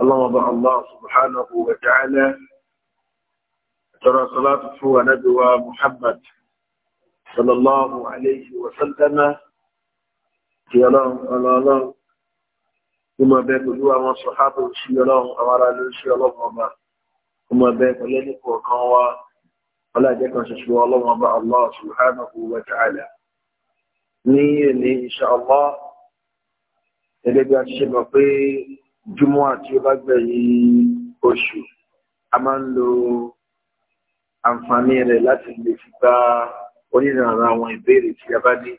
اللهم ضع الله سبحانه وتعالى ترى صلاة هو ندوى محمد صلى الله عليه وسلم في الله على الله وما بيك دوى من صحابة وشي الله أمارا لنشي الله وما وما بيك لنك وقوى ولا جاك نشي الله وما الله سبحانه وتعالى ني ني إن شاء الله إذا كان شيء مطير jùmọ́ àti ó bá gbẹ̀yìn oṣù a máa ń lo àǹfààní rẹ̀ láti lè fi gba onírànra àwọn ìbéèrè tí a bá ní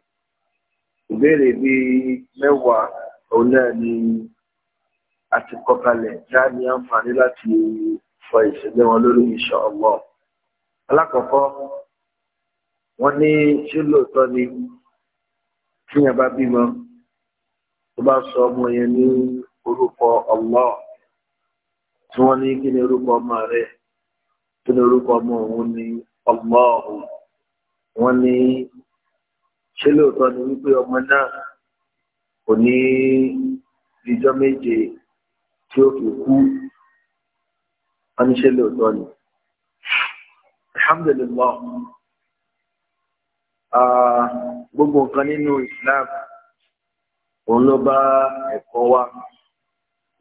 ìbéèrè bí mẹ́wàá òun ni a ti kọkalẹ̀ já ní àǹfààní láti fọ ìṣẹ̀lẹ̀ wọn lórí iṣẹ́ ọgbọ́n alákọ̀ọ́kọ́ wọ́n ní ṣé lóòótọ́ ni tíyẹn bá bímọ tó bá sọ ọmọ yẹn ní orúkọ Allah tí wọ́n ní kí ni orúkọ ọmọ rẹ̀ kí ni orúkọ ọmọ òun ni Allahu wọ́n ní ṣé lóòótọ́ ni wípé ọmọ náà kò ní ìjọ méje tí ó fi kú wọ́n ní ṣé lóòótọ́ ni. Alhamdulillah gbogbo nǹkan nínú Islam òun ló bá ẹ̀kọ́ wa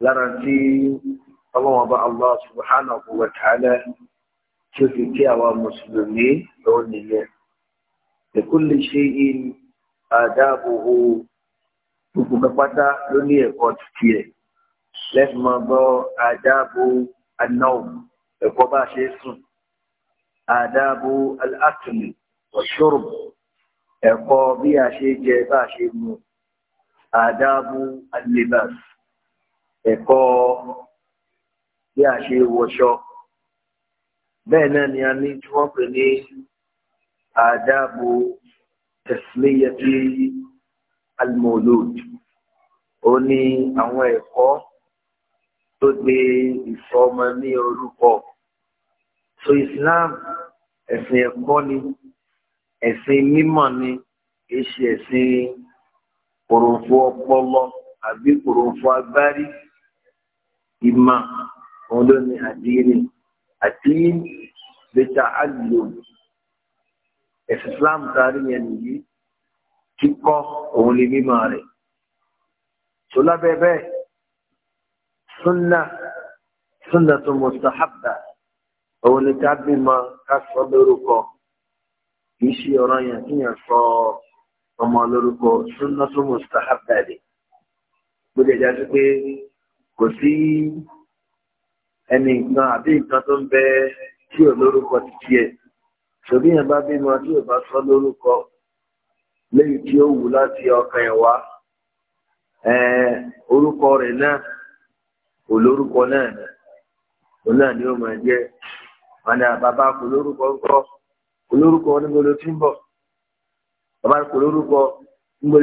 lára tí ọlọ́wọ́n bá Allah subhanahu wa ta'ala tí ó fi kí àwa mùsùlùmí lọ́wọ́ nìyẹn. Ìkúlè ṣe in àdáàbòho gbogbo pátá ló ní ẹ̀kọ́ títí ẹ̀. Lẹ́sìn máa gbọ́ àdáàbò anáwó ẹ̀kọ́ bá ṣe sùn. Àdáàbò aláàtùmí ọ̀ṣọ́rọ̀ ẹ̀kọ́ bí a ṣe jẹ bá ṣe mu. Àdáàbò alẹ́bàṣì. ẹ̀kọ́ bí a ṣe wọṣọ bẹ́ẹ̀ ni a ní tí wọ́n pè ní àdáàbò tẹ̀síléyẹtì almolud ó ní àwọn ẹ̀kọ́ tó gbé ní so Islam ẹ̀sìn ẹ̀kọ́ ni ẹ̀sìn mímọ̀ ni kìí ṣe ẹ̀sìn ọpọlọ àbí kòròfo agbárí. ìmọ̀ òun ló ní àdínì àdín bẹ́tà àlò ẹ̀sìn Islam tàrí yẹn nìyí kíkọ́ òun ní mímọ̀ rẹ̀ tó lábẹ́ bẹ́ẹ̀ súnà súnà tó mustahabba òun ni ká bímọ ká sọ lórúkọ kì ṣe ọ̀rọ̀ yẹn kí yẹn sọ ọmọ lórúkọ súnà tó mustahabba rẹ̀ gbọ́dọ̀ jáde pé. kò sí ẹni kan àbí nǹkan tó ń bẹ tí ò lórúkọ títí ẹ̀ ṣòbí yẹn bá bímọ tí ò bá sọ lórúkọ léyìí tí ó wù láti ọkàn ẹ̀ wá orúkọ rẹ̀ náà kò lórúkọ náà òun náà ni ó máa jẹ́ wọn bàbá kò lórúkọ ńkọ kò lórúkọ tí ń bọ̀ bàbá kò lórúkọ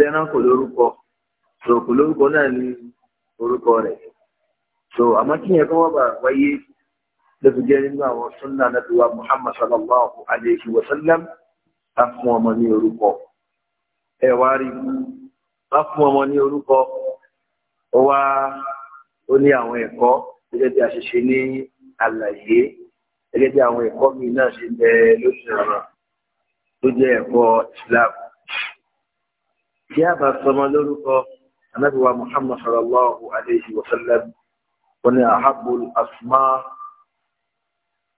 ẹran kò lórúkọ kò so àmọ́ kí yẹn kọ́ wọ́n bá wáyé lóbi jẹ́ nínú àwọn sunna nàbí wa muhammad sallallahu alayhi wa sallam a fún ọmọ ní orúkọ ẹ wá rí a fún ọmọ ní orúkọ ó wá ó ní àwọn ẹ̀kọ́ gẹ́gẹ́ bí a ṣe ṣe ní àlàyé gẹ́gẹ́ bí àwọn ẹ̀kọ́ mi náà ṣe islam bí a bá sọmọ lórúkọ anábìwá muhammad sallallahu alayhi wa sallam وني أحب الأسماء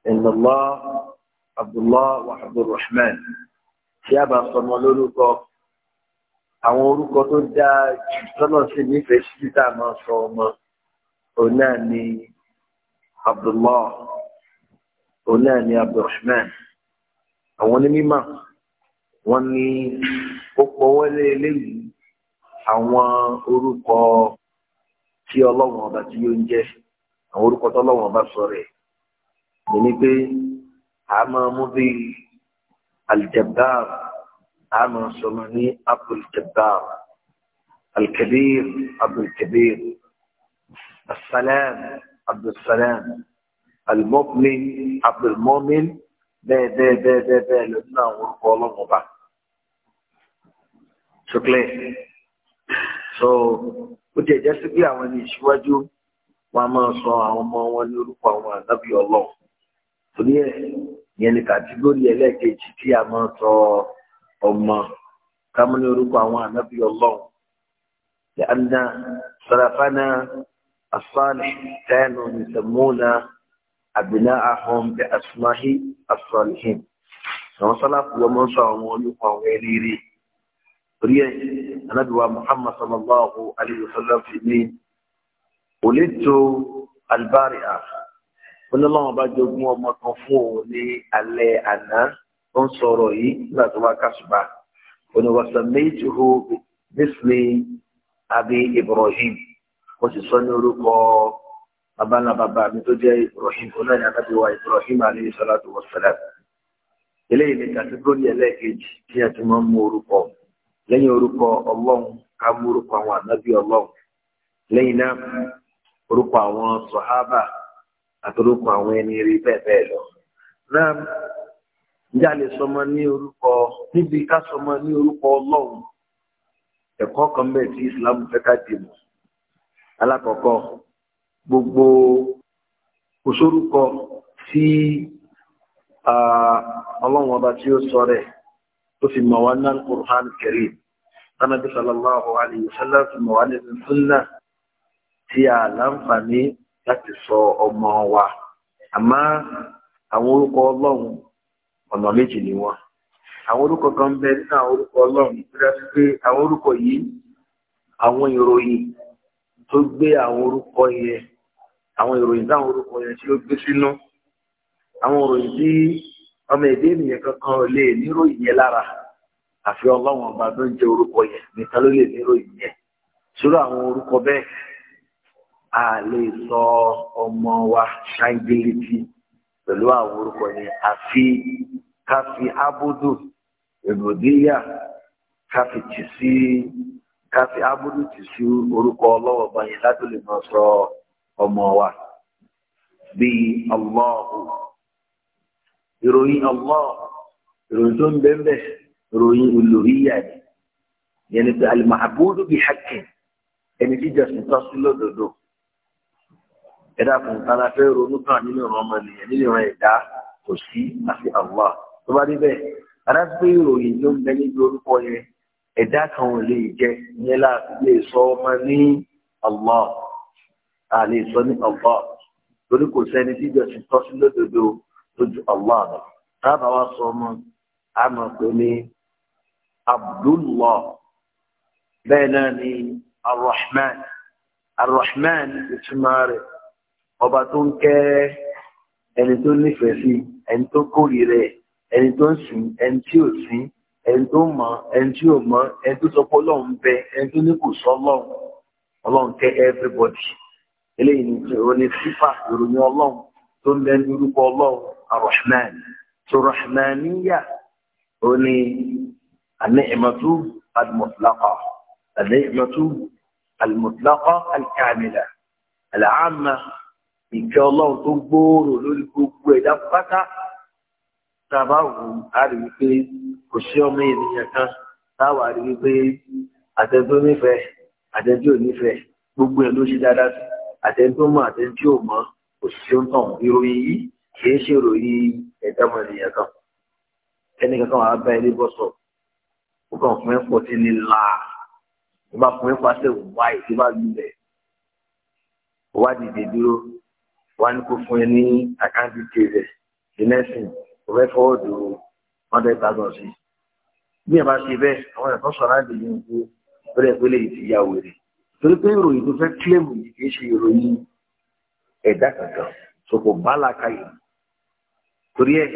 إن الله عبد الله وعبد الرحمن يا أبا صلى الله àwọn orúkọ tó dáa jù tọ́nà sí nífẹ̀ẹ́ sí títà máa sọ ọmọ òun náà ni Abdullah òun náà ni Abdulrahman àwọn onímọ̀ wọn ni ó pọwọ́lé eléyìí àwọn orúkọ tí ọlọ́run ọba tí yóò ń jẹ́ àwọn orúkọ tọ́lọ́run ọba sọ rẹ̀ ní ni pé a máa mú bí aljabbar a máa sọmọ ní abdul-jabbar alkabir abdul-kabir asalam abdul-salam bẹ́ẹ̀ bẹ́ẹ̀ bẹ́ẹ̀ bẹ́ẹ̀ bẹ́ẹ̀ lọ nínú àwọn orúkọ ọlọ́run ọba. So So ó ti ẹ̀jẹ̀ sí pé àwọn ẹni ìṣíwájú wọn a máa sọ àwọn ọmọ wọn ní orúkọ àwọn ànábì ọlọ́run torí ẹ̀ ìyẹn ni kàtígórì ẹlẹ́ẹ̀kejì tí a máa sọ ọmọ kámú ní orúkọ àwọn ànábì ọlọ́run lè sarafana asọ́ọ̀lẹ̀ tẹ́nu nìsẹ̀múnà àbìnà ahọ́n bẹ́ asùmáhí asọ́ọ̀lẹ̀ hìn àwọn sọ́lá torí ẹ̀ anábìwá muhammad sallallahu alayhi wa sallam fi ní olètò albari àfà onílọ́wọ́n bá jogún ọmọ kan fún òun ní alẹ́ àná tó ń sọ̀rọ̀ yìí nígbà tó bá kásùbà oníwàsàmẹ́tìhó bísí abi ibrahim ó sì sọ ní orúkọ babalá mi tó jẹ́ ibrahim onáyà anábìwá ibrahim alayhi wa salam eléyìí ni kàtíkórì ẹlẹ́ẹ̀kejì tí a ti máa ń mú orúkọ lẹ́yìn orúkọ ọlọ́run ká mú orúkọ àwọn ànábì ọlọ́run lẹ́yìn náà orúkọ àwọn sọ̀hábà àti orúkọ àwọn ẹni rí bẹ́ẹ̀ bẹ́ẹ̀ lọ. náà njẹ́ a lè sọmọ ní orúkọ níbi ká sọmọ ní orúkọ ọlọ́run ẹ̀kọ́ kan bẹ́ẹ̀ tí Islam fẹ́ ká dì mọ́. alákọ̀ọ́kọ́ gbogbo kòsórúkọ tí ọlọ́run ọba tí ó sọ rẹ̀ tó fi mọ̀ wá náà Al-Qur'an Al-Karim tánàbí sallallahu alayhi wa sallam fi mọ̀ wá nínú súnà tí a láǹfààní láti sọ ọmọ wa àmọ́ àwọn orúkọ ọlọ́run ọ̀nà méjì ni wọ́n àwọn orúkọ kan bẹ nínú àwọn orúkọ ọlọ́run ìpínlẹ̀ sí pé àwọn orúkọ yìí àwọn ìròyìn tó gbé àwọn orúkọ yẹn àwọn ìròyìn táwọn orúkọ yẹn tí ó gbé sínú àwọn ìròyìn tí ọmọ èdè ènìyàn kankan ò lè níròyìn yẹn lára àfi ọlọ́run ọba tó ń jẹ orúkọ yẹn nìkan ló lè níròyìn yẹn sórí àwọn orúkọ bẹ́ẹ̀ a lè sọ ọmọ wa ṣáńgìlìtì pẹ̀lú àwọn orúkọ yẹn àfi káfí ábúdù ìbòdíyà káfí tì sí káfí ábúdù tì sí orúkọ ọlọ́wọ́ ọba yẹn láti lè máa sọ ọmọ wa bíi ọlọ́run ìròyìn Allah ìròyìn tó ń bẹ́ẹ̀ ìròyìn olùríyà ni yẹn ni pé al-ma'budu bi haqqin ẹni jíjẹ sùn tán sí lódodo ẹ̀dá fún tán láfẹ́ ronú kan nínú ìran ọmọ ènìyàn nínú ìran ẹ̀dá kò sí àfi Allah tó bá rí bẹ́ẹ̀ adágbé ìròyìn tó ń bẹ níbi orúkọ yẹn ẹ̀dá kan ò lè jẹ ìyẹn láti sọ ọmọ ní Allah a sọ ní Allah torí kò sẹ́ni jíjẹ sùn tán sí lódodo. lójú allah lọ tábà wá sọ ọmọ àmọ́ pé abdullah bẹ́ẹ̀ náà ni arrahman arrahman rẹ̀ ọba tó ń kẹ́ ẹni tó nífẹ̀ẹ́ sí ẹni tó kórìíra ẹni tó ń sìn ẹni tí ò sìn ẹni tó ẹni tí ò ẹni tó sọ pé ọlọ́run bẹ ẹni tó ń lẹ́nu orúkọ ọlọ́run arahman tó rahmaniya ó ní an-ni'matu al-mutlaqa an-ni'matu al-mutlaqa al-kamila al-amma ìkẹ́ ọlọ́run tó gbòòrò lórí gbogbo ẹ̀dá pátá tàbá wù wípé kò sí ọmọ ènìyàn kan táwa rí wípé àtẹ̀tọ́ nífẹ̀ẹ́ àtẹ̀tọ́ nífẹ̀ẹ́ gbogbo ẹ̀ ló ṣe dáadáa sí àtẹ̀tọ́ mọ̀ àtẹ̀tọ́ ò òṣìṣẹ́ ń tàn ìròyìn yìí kì í ṣe ìròyìn ẹ̀dá ọmọ ènìyàn kan ẹnì kankan wàá bá ẹni bọ́ sọ ó kàn fún ẹ pọ̀ sí ni là ó bá fún ẹ pàṣẹ wáì tó bá lulẹ̀ wá dìde dúró wá ní kó fún ẹ ní àkáǹtì tèrè ìnẹ́sìn kò fẹ́ fọ́ọ̀dù one hundred thousand sí bí ẹ bá ṣe bẹ́ẹ̀ àwọn ẹ̀kọ́ sọ̀rọ̀ àdè yìí ń gbé bẹ́ẹ̀ pé lè ti ya wèrè torí pé ìròyìn tó fẹ́ kílẹ̀mù yìí kì ṣe ìròyìn ẹ̀dá kankan sọ̀kò bàálà káyè torí ẹ̀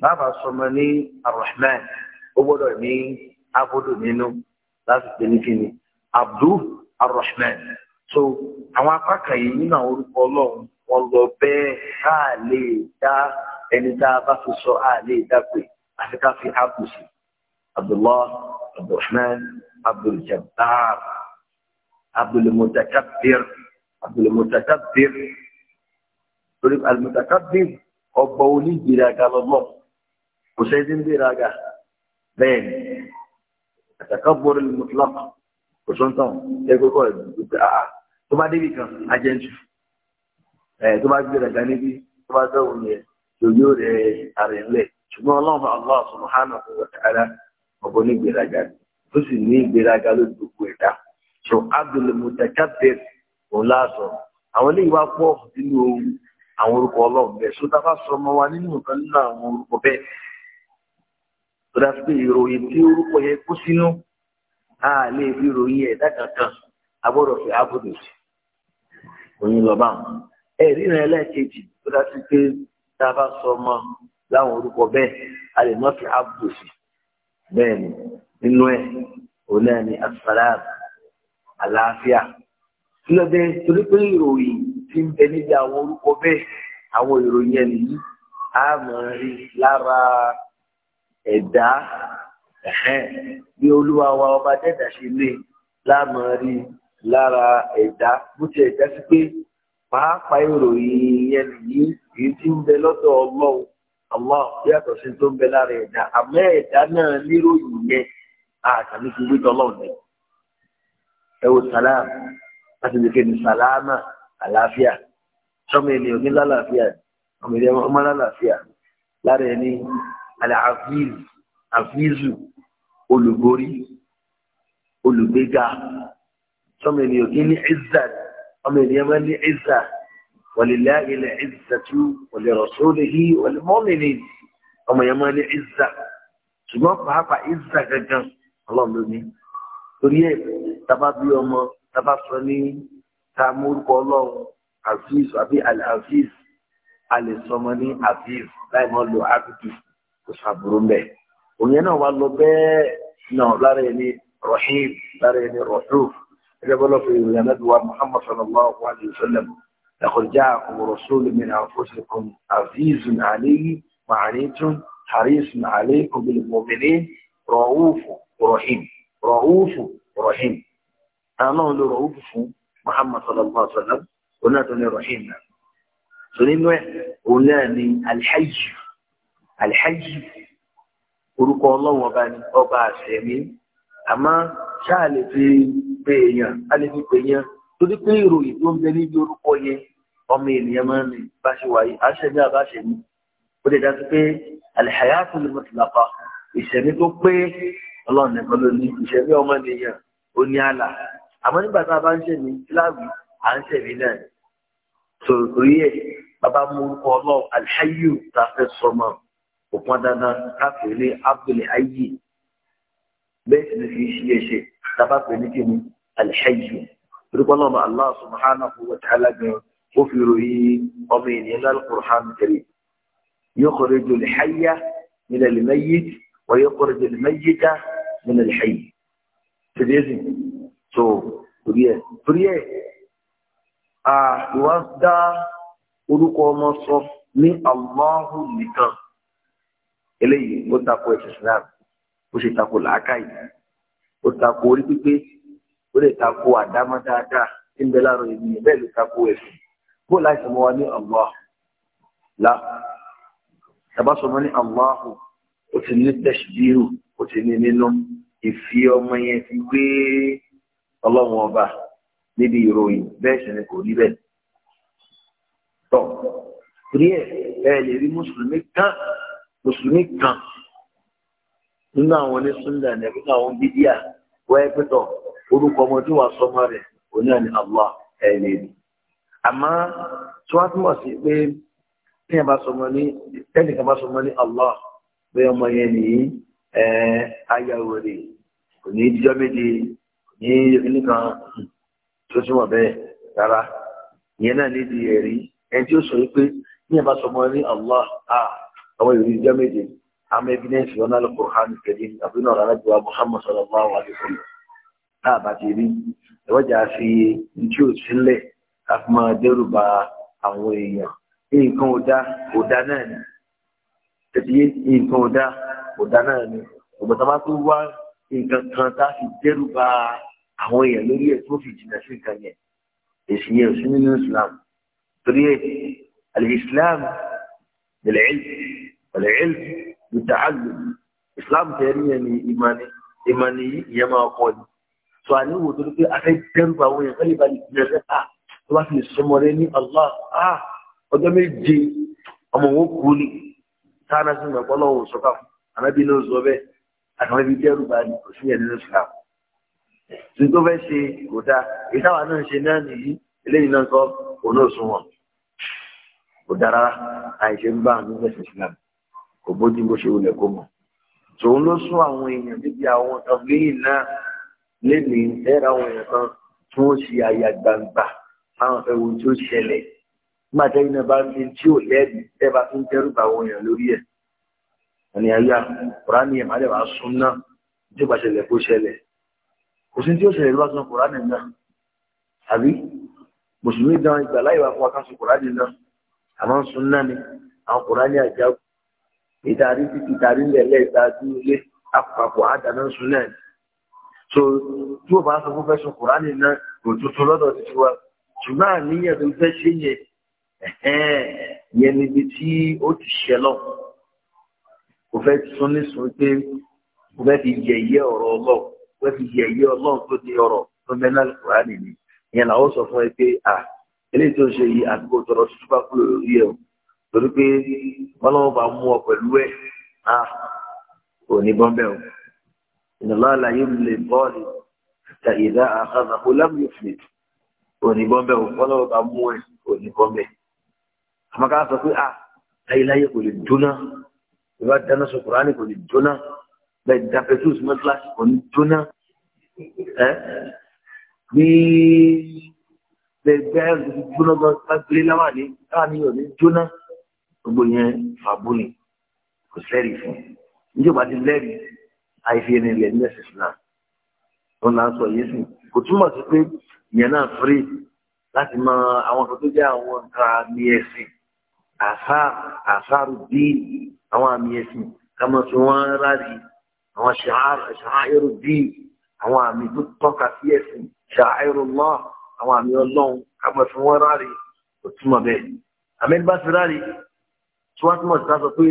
bàbá sọmọ ní arahman ó gbọ́dọ̀ ní abudu nínú láti pè ní kíni arahman so àwọn apá kan nínú àwọn orúkọ ọlọ́run wọn lọ bẹ́ẹ̀ á lè dá ẹni tá a bá fi sọ á lè dá pé àti ká fi áàpù sí abdullah abdulrahman torí al-mutakabbir ọgbọ onígbèraga lọ́lọ́ kò sẹ́ni ń gbèraga bẹ́ẹ̀ ni at-takabbur al-mutlaq kò sọ́ńtàn ah, kan ajẹ́ntù ẹ̀ tó bá gbèraga níbi tó àwọn orúkọ ọlọ́run bẹ́ẹ̀ sódà bá sọ ọmọ wa nínú nǹkan nínú àwọn orúkọ bẹ́ẹ̀ sódà sí pé ìròyìn tí orúkọ yẹn kó sínú a lè fi ròyìn ẹ̀dá kankan agbọ́dọ̀ fi agbọ́dọ̀ sí oyin lọ bá wọn ẹ̀rí rẹ̀ lẹ́ẹ̀kejì sódà sí pé tá a bá sọ ọmọ láwọn orúkọ bẹ́ẹ̀ a lè má fi agbọ́dọ̀ sí bẹ́ẹ̀ ni nínú ẹ̀ òun náà ni asalaam àlàáfíà kí ló torí pé ìròyìn tí ń bẹ níbi àwọn orúkọ bẹ́ẹ̀ àwọn ìròyìn ẹni yìí a máa rí lára ẹ̀dá bí olúwa wa ọba dẹ́dà ṣe lé láàmà rí lára ẹ̀dá bó ti ẹ̀dá sí pé pàápàá ìròyìn ẹni yìí èyí tí ń bẹ lọ́dọ̀ ọlọ́run àwọn yàtọ̀ sí tó ń bẹ lára ẹ̀dá àmọ́ ẹ̀dá náà níròyìn yẹn àtàlẹ́ fi wí ẹ wo sàlámà láti lè kéde sàlámà àlàáfíà sọmọ ènìyàn ní lálàáfíà ọmọ ènìyàn ọmọ lálàáfíà lára ẹni àlàáfíìz àfíìzù olùborí olùgbéga sọmọ ènìyàn kí ní ìzà ọmọ ènìyàn máa ní ìzà walillahi al-izzatu wa li rasulihi wa lil mu'minin ọmọ ènìyàn máa ní ìzà ṣùgbọ́n pàápàá ìzà gangan ọlọ́run ló ní torí ẹ̀ tábà bí ọmọ tábà sọ ní tá a mórúkọ ọlọ́run aziz àbí al-aziz a lè sọmọ ní aziz láì mọ́ lo abidu kò sàbúrú mẹ́ òyìn náà wà lọ bẹ́ẹ̀ náà lára ẹni rahim lára ẹni rahuf ẹgbẹ́ bọ́lá fún ìròyìn anábì wa muhammad sallallahu alayhi wa sallam laqad ja'akum rasulun min anfusikum azizun alayhi ma anittum harisun alaykum bil mu'minin ra'ufun rahim ra'ufun rahim àwọn náà lo ra'ufu fún Muhammad sallallahu alaihi wa sallam òun náà tó ní rahim náà tó nínú ẹ̀ òun náà ní alhaji alhaji orúkọ ọlọ́wọ́ ọba ní ọba àṣẹmí àmọ́ ṣáà lè fi pé èèyàn á lè fi pè yẹn torí pé ìròyìn tó ń bẹ níbi orúkọ yẹn ọmọ ènìyàn máa ń bá ṣe wáyé àṣẹjá bá ṣe ó lè dájú pé àlẹ́hàyàtò lè mọ̀tìlápa ìṣẹ̀mí tó pé ọlọ́run nìkan ló ní ìṣẹ̀mí ọmọ ènìyàn ó ní àlà àmọ́ nígbà tá a bá ń ṣẹ̀mí láàbì à ń ṣẹ̀mí náà torí ẹ̀ bàbá mú orúkọ ọlọ́run alhayu tá a fẹ́ sọmọ òpin dandan káfíń ní abdul ayi bẹ́ẹ̀ sì ni kì í ṣe ẹ̀ṣẹ̀ tá a bá pè ní kíni alhayu orúkọ náà Allah subhanahu wa ta'ala gan ó fi ròyìn ọmọ ènìyàn lálùkùrán kiri yukhriju al-hayya min al-mayyit wa yukhriju al-mayyita min al-hayy. Ṣèdíyẹ́sì So, torí ẹ̀ ah ẹ̀ ìwà dá orúkọ ọmọ sọ ní Allahu nìkan eléyìí ó tako ẹ̀sìn Islam ó ṣe tako làákàyè ó tako orí pípé ó lè tako àdámọ́ dáadáa tí ń bẹ láàrọ̀ ènìyàn bẹ́ẹ̀ ló tako ẹ̀sìn bó láti mọ wa ní Allah la tabasọmọ ní Allahu ó ti ní tẹ̀síbírù ó ti ní nínú ìfi ọmọ yẹn ti gbé. ọlọ́run ọba níbi ìròyìn bẹ́ẹ̀ sì ni kò rí bẹ́ẹ̀. tọ́ rí ẹ̀ ẹ lè rí mùsùlùmí kan mùsùlùmí kan nínú àwọn onísúndà ní ẹ̀kọ́ àwọn bídíà wọ́n pẹ́ tọ̀ orúkọ ọmọ tí wàá sọmọ Allah ẹ lè rí. àmọ́ tí wọ́n túmọ̀ sí pé bá sọmọ ní Allah bẹ́ẹ̀ ọmọ yẹn nìyí ayáwó rẹ̀ òní ní ìpínlẹ̀ kan tó túmọ̀ bẹ́ẹ̀ rárá ìyẹn náà nídìí ẹ̀rí ẹni tí ó sọ pé ní ẹ̀ bá sọ mọ́ ní Allah a àwọn ìrírí jẹ́ méje àmọ́ ẹbí náà ìṣòro náà lọ́kọ̀ hàn kẹ́lí àbí náà rárá ju wa Muhammad sallallahu alaihi wa sallam tá a bá ti rí ìwọ́jà fi ntí ò sílẹ̀ ká fi máa dẹ́rù ba àwọn èèyàn nǹkan ò dá náà ni tẹ̀síyé nǹkan ò dá náà ni ọ̀gbọ̀n tá bá tó wá nǹkan kan tá a fi dẹ́rù ba àwọn èèyàn lórí ẹ̀ tó fi jìnnà sí nǹkan yẹn èsì yẹn ò sí nínú islam torí ẹ̀ alìsílám bil-ilm wal-ilm bit-ta'allum islam tẹ̀rí yẹn ni ìmánì ìmánì yìí ìyẹn máa kọ́ ni tó a níwò torí pé afẹ́ dẹ́rù àwọn èèyàn fẹ́lẹ́ balẹ̀ jìnnà sí à ah, tó bá fi lè ní allah à ah, ọjọ́ méje ọmọ wọn kú ni sáà náà sì ń gbàgbọ́ lọ́wọ́ sọ́kà fún anábì sọ bẹ́ẹ̀ àtàwọn ibi dẹ́rù balẹ̀ kò sí yẹn nínú islam tí tó fẹ́ ṣe kò dáa ìtawà náà ṣe náà nìyí eléyìí náà kọ́ kò náà sún wọn kò dára àìṣe ń bá àwọn ẹgbẹ́ Islam kò bójú bó ṣe wulẹ̀ kó mọ̀ tòun ló sún àwọn èèyàn níbi àwọn ọ̀gbìn náà lẹ́nìí ẹ̀rọ àwọn èèyàn kan tí wọ́n ṣe àyà gbangba àwọn ẹ̀wù tí ó ṣẹlẹ̀ nígbà tẹ́yìn náà bá ń fi tí ò lẹ́bi tẹ́ bá fi ń dẹ́rù bá àwọn èèyàn lórí ẹ̀ ẹni ayé àkùrá ni ẹ̀ má lè wá sún náà tí ó bá ṣẹlẹ̀ kó ṣẹlẹ̀ kò sí tí ó ṣẹlẹ̀ lọ́sàn kùránì náà àbí mùsùlùmí dán ìgbà láì wá fún akáṣọ kùránì náà àmọ́ ń sun náà ni àwọn kùránì àjà ìdarí títí ìdarí lẹ̀lẹ́ ìdarí ilé àpapọ̀ àdáná sun náà ni. so tí ó bá sọ fún fẹsùn kùránì náà kò tuntun lọ́dọ̀ ti wa ṣùgbọ́n àníyàn tó fẹ́ ṣe yẹn yẹn níbi tí ó ti ṣẹ lọ kò fẹ́ sún ní sùn pé kò fẹ́ fi yẹ̀yẹ́ ọ̀rọ̀ ọlọ́run wọ́n ti yẹ̀yẹ́ ọlọ́run tó ní ọ̀rọ̀ tó mẹ́lá kùránì ni ìyẹn làwọn sọ fún ẹ pé à eléyìí tó ń ṣe yìí àdúgbò tọrọ tútù bá kúrò lórí ẹ o torí pé wọn lọ́wọ́ bá mú ọ pẹ̀lú ẹ à ò ní bọ́ńbẹ́ o ìnàlá àlàyé mi lè bọ́ọ̀lì ta ìdá àkàzà kó lámì òfin ò ní bọ́ńbẹ́ o wọn lọ́wọ́ bá mú ẹ ò ní bọ́ńbẹ́ àmọ́ ká sọ pé à láyé kò lè dúná ìbá dáná sọ kùránì kò lè dúná bẹ́ẹ̀ ni dapẹ̀tù sí mọ́tíláṣí kò ní jóná ẹ́ bí gbẹgbẹ́ gbóná gan gbàgbélé láwàní láwàní ò ní jóná gbogbo yẹn fàbó ni kò sẹ́rì fún un níjọba ti lẹ́rìí àìfi ẹni ilẹ̀ ní ẹ̀sìn náà wọn là ń sọ yìí sùn kò túmọ̀ sí pé ìyẹn náà fírí láti mọ àwọn kan tó jẹ́ àwọn nǹkan àmì ẹ̀sìn àṣà àṣà rúbí àwọn àmì ẹ̀sìn ká mọ̀ sí wọn rárí àwọn ṣàáìrù díì àwọn àmì tó tọ́ka sí ẹ̀sìn ṣàáìrù lọ́ àwọn àmì ọlọ́run kábọ̀ fún wọn ráre ó túmọ̀ bẹ́ẹ̀ àmẹ́ni bá ti ráre tí wọ́n túmọ̀ sí sọ pé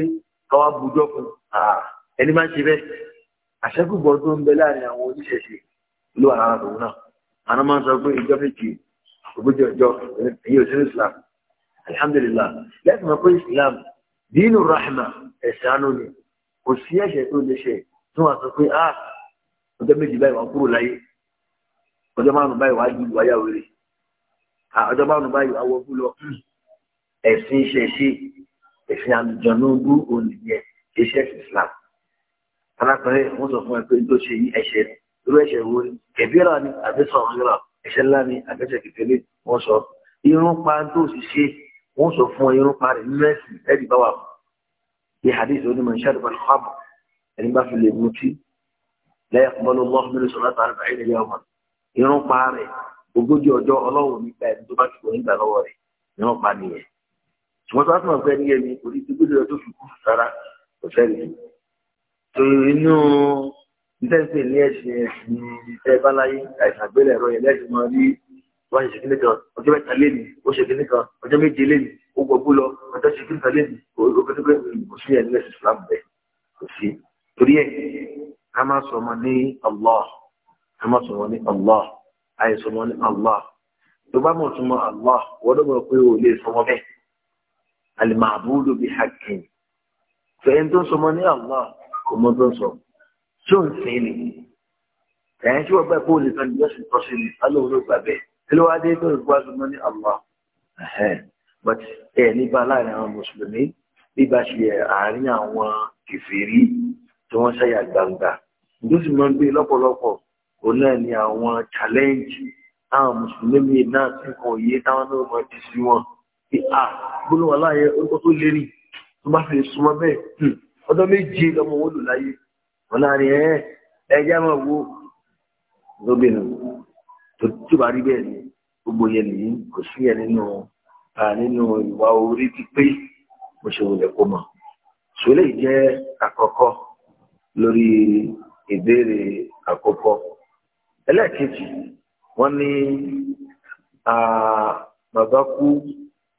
káwá bùjọ́ fún ẹni máa ń ṣe bẹ́ẹ̀ àṣẹ́kùbọ̀ tó ń bẹ láàrin àwọn oníṣẹ̀ṣe ló wà lára tòun náà àná máa ń sọ pé ìjọ méje ògbójì ọjọ́ èyí ò sí Islam alhamdulillah lẹ́sìn pé Islam tí wọ́n sọ pé a ah, ọjọ́ méjì báyìí wà kúrò láyé ọjọ́ márùn-ún báyìí wà á ju wáyà wèrè ah, ọjọ́ márùn-ún báyìí wà á wọ́ fúlọ ẹ̀sìn ìṣẹ̀ṣe ẹ̀sìn àlùjọ̀nùbù ònìyẹn iṣẹ́ Islam alákùnrin wọ́n sọ fún ẹ pé tó ṣe yí ẹ̀ṣẹ̀ irú ẹ̀ṣẹ̀ wo ni kẹ̀bíra ni àbẹ́sọ̀rọ̀ ẹ̀ṣẹ̀ ńlá ni àbẹ́sẹ̀ kékeré wọ́n sọ irun pa tó sì ṣe wọ́n sọ fún irun pa rẹ̀ nínú ẹ̀sìn ẹ̀dì báwà fún ìhàdí ìṣòro ní mọ̀ ìṣàdùbọ̀ lọ́wọ́ ẹni bá fi lè mutí lẹ́yìn kúbọ́lù lọ́ọ̀mí lóṣù láti àrùn àìlè yà wọn irun pa rẹ̀ ogójì ọjọ́ ọlọ́run nígbà ẹni tó bá ti kò nígbà lọ́wọ́ rẹ̀ irun pa nìyẹn ṣùgbọ́n tó bá tún ọ̀pẹ níyẹn ni orí ti gbọ́dọ̀ tó fi kú rárá kò fẹ́ rí tó inú ntẹ́sí ní ẹ̀sìn ẹ̀sìn ìfẹ́ báláyé àìsàn àgbélẹ̀ ẹ̀rọ yẹn lẹ́sìn mọ́ rí torí ẹ̀ a máa sọ ọmọ ní Allah a máa sọ ọmọ ní Allah àìsàn ọmọ ní Allah tó bá mọ̀ súnmọ́ Allah wọ́n mọ̀ pé o lè sọmọ bẹ́ẹ̀ alimabudu bi hakin fẹ́ẹ́ tó sọmọ ní Allah kò mọ tó sọ tó ń sìn ní ẹ̀yìn tí wọ́n gbà pé o lè sọmọ ìjọsìn tó sí alóhùn ló gbà bẹ́ẹ̀ kí ló wá dé tó ń gbà sọmọ ní Allah but ẹ̀ láàrin àwọn mùsùlùmí bí bá ṣe àárín àwọn kìfìrí tí wọ́n ṣàyà gbangba ìlú sì máa ń gbé lọ́pọ̀lọpọ̀ òun náà ni àwọn challenge àwọn mùsùlùmí náà tí kò yé táwọn náà mọ̀ ti sí wọn pé à gbólóhùn aláàyè orúkọ tó lérí tó bá fi súnmọ́ bẹ́ẹ̀ hmm, ọdọ́ méje lọ́mọ owó lò láyé wọn náà ni ẹ ẹjẹ máa wo lóbìnrin tó tí ó bá rí bẹ́ẹ̀ ni gbogbo yẹn nìyí kò sí yẹn nínú nínú ìwà orí pípé mo ṣe wọlé kó mọ̀ ṣòlè jẹ́ àkọ́kọ́ lórí ìbéèrè àkọ́kọ́ ẹlẹ́ẹ̀kejì wọ́n ní bàbá kú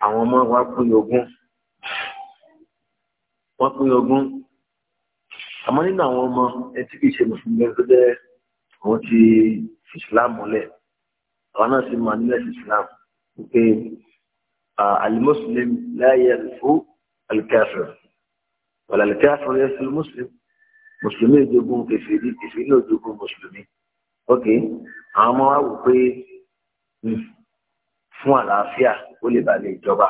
àwọn ọmọ wa kú yogún wọ́n kú yogún àmọ́ nínú àwọn ọmọ ẹtí kìí ṣe mùsùlùmí tó jẹ́ àwọn ti islam mọ́lẹ̀ àwọn náà sì máa nílẹ̀ islam wípé alimuslim la yarfu alkafir wala alkafir yarfu almuslim mùsùlùmí òjogún kẹfìrí kẹfìrí òjogún mùsùlùmí ok àwọn ọmọ wa wò pé hmm, fún àlàáfíà ó lè balẹ̀ ìjọba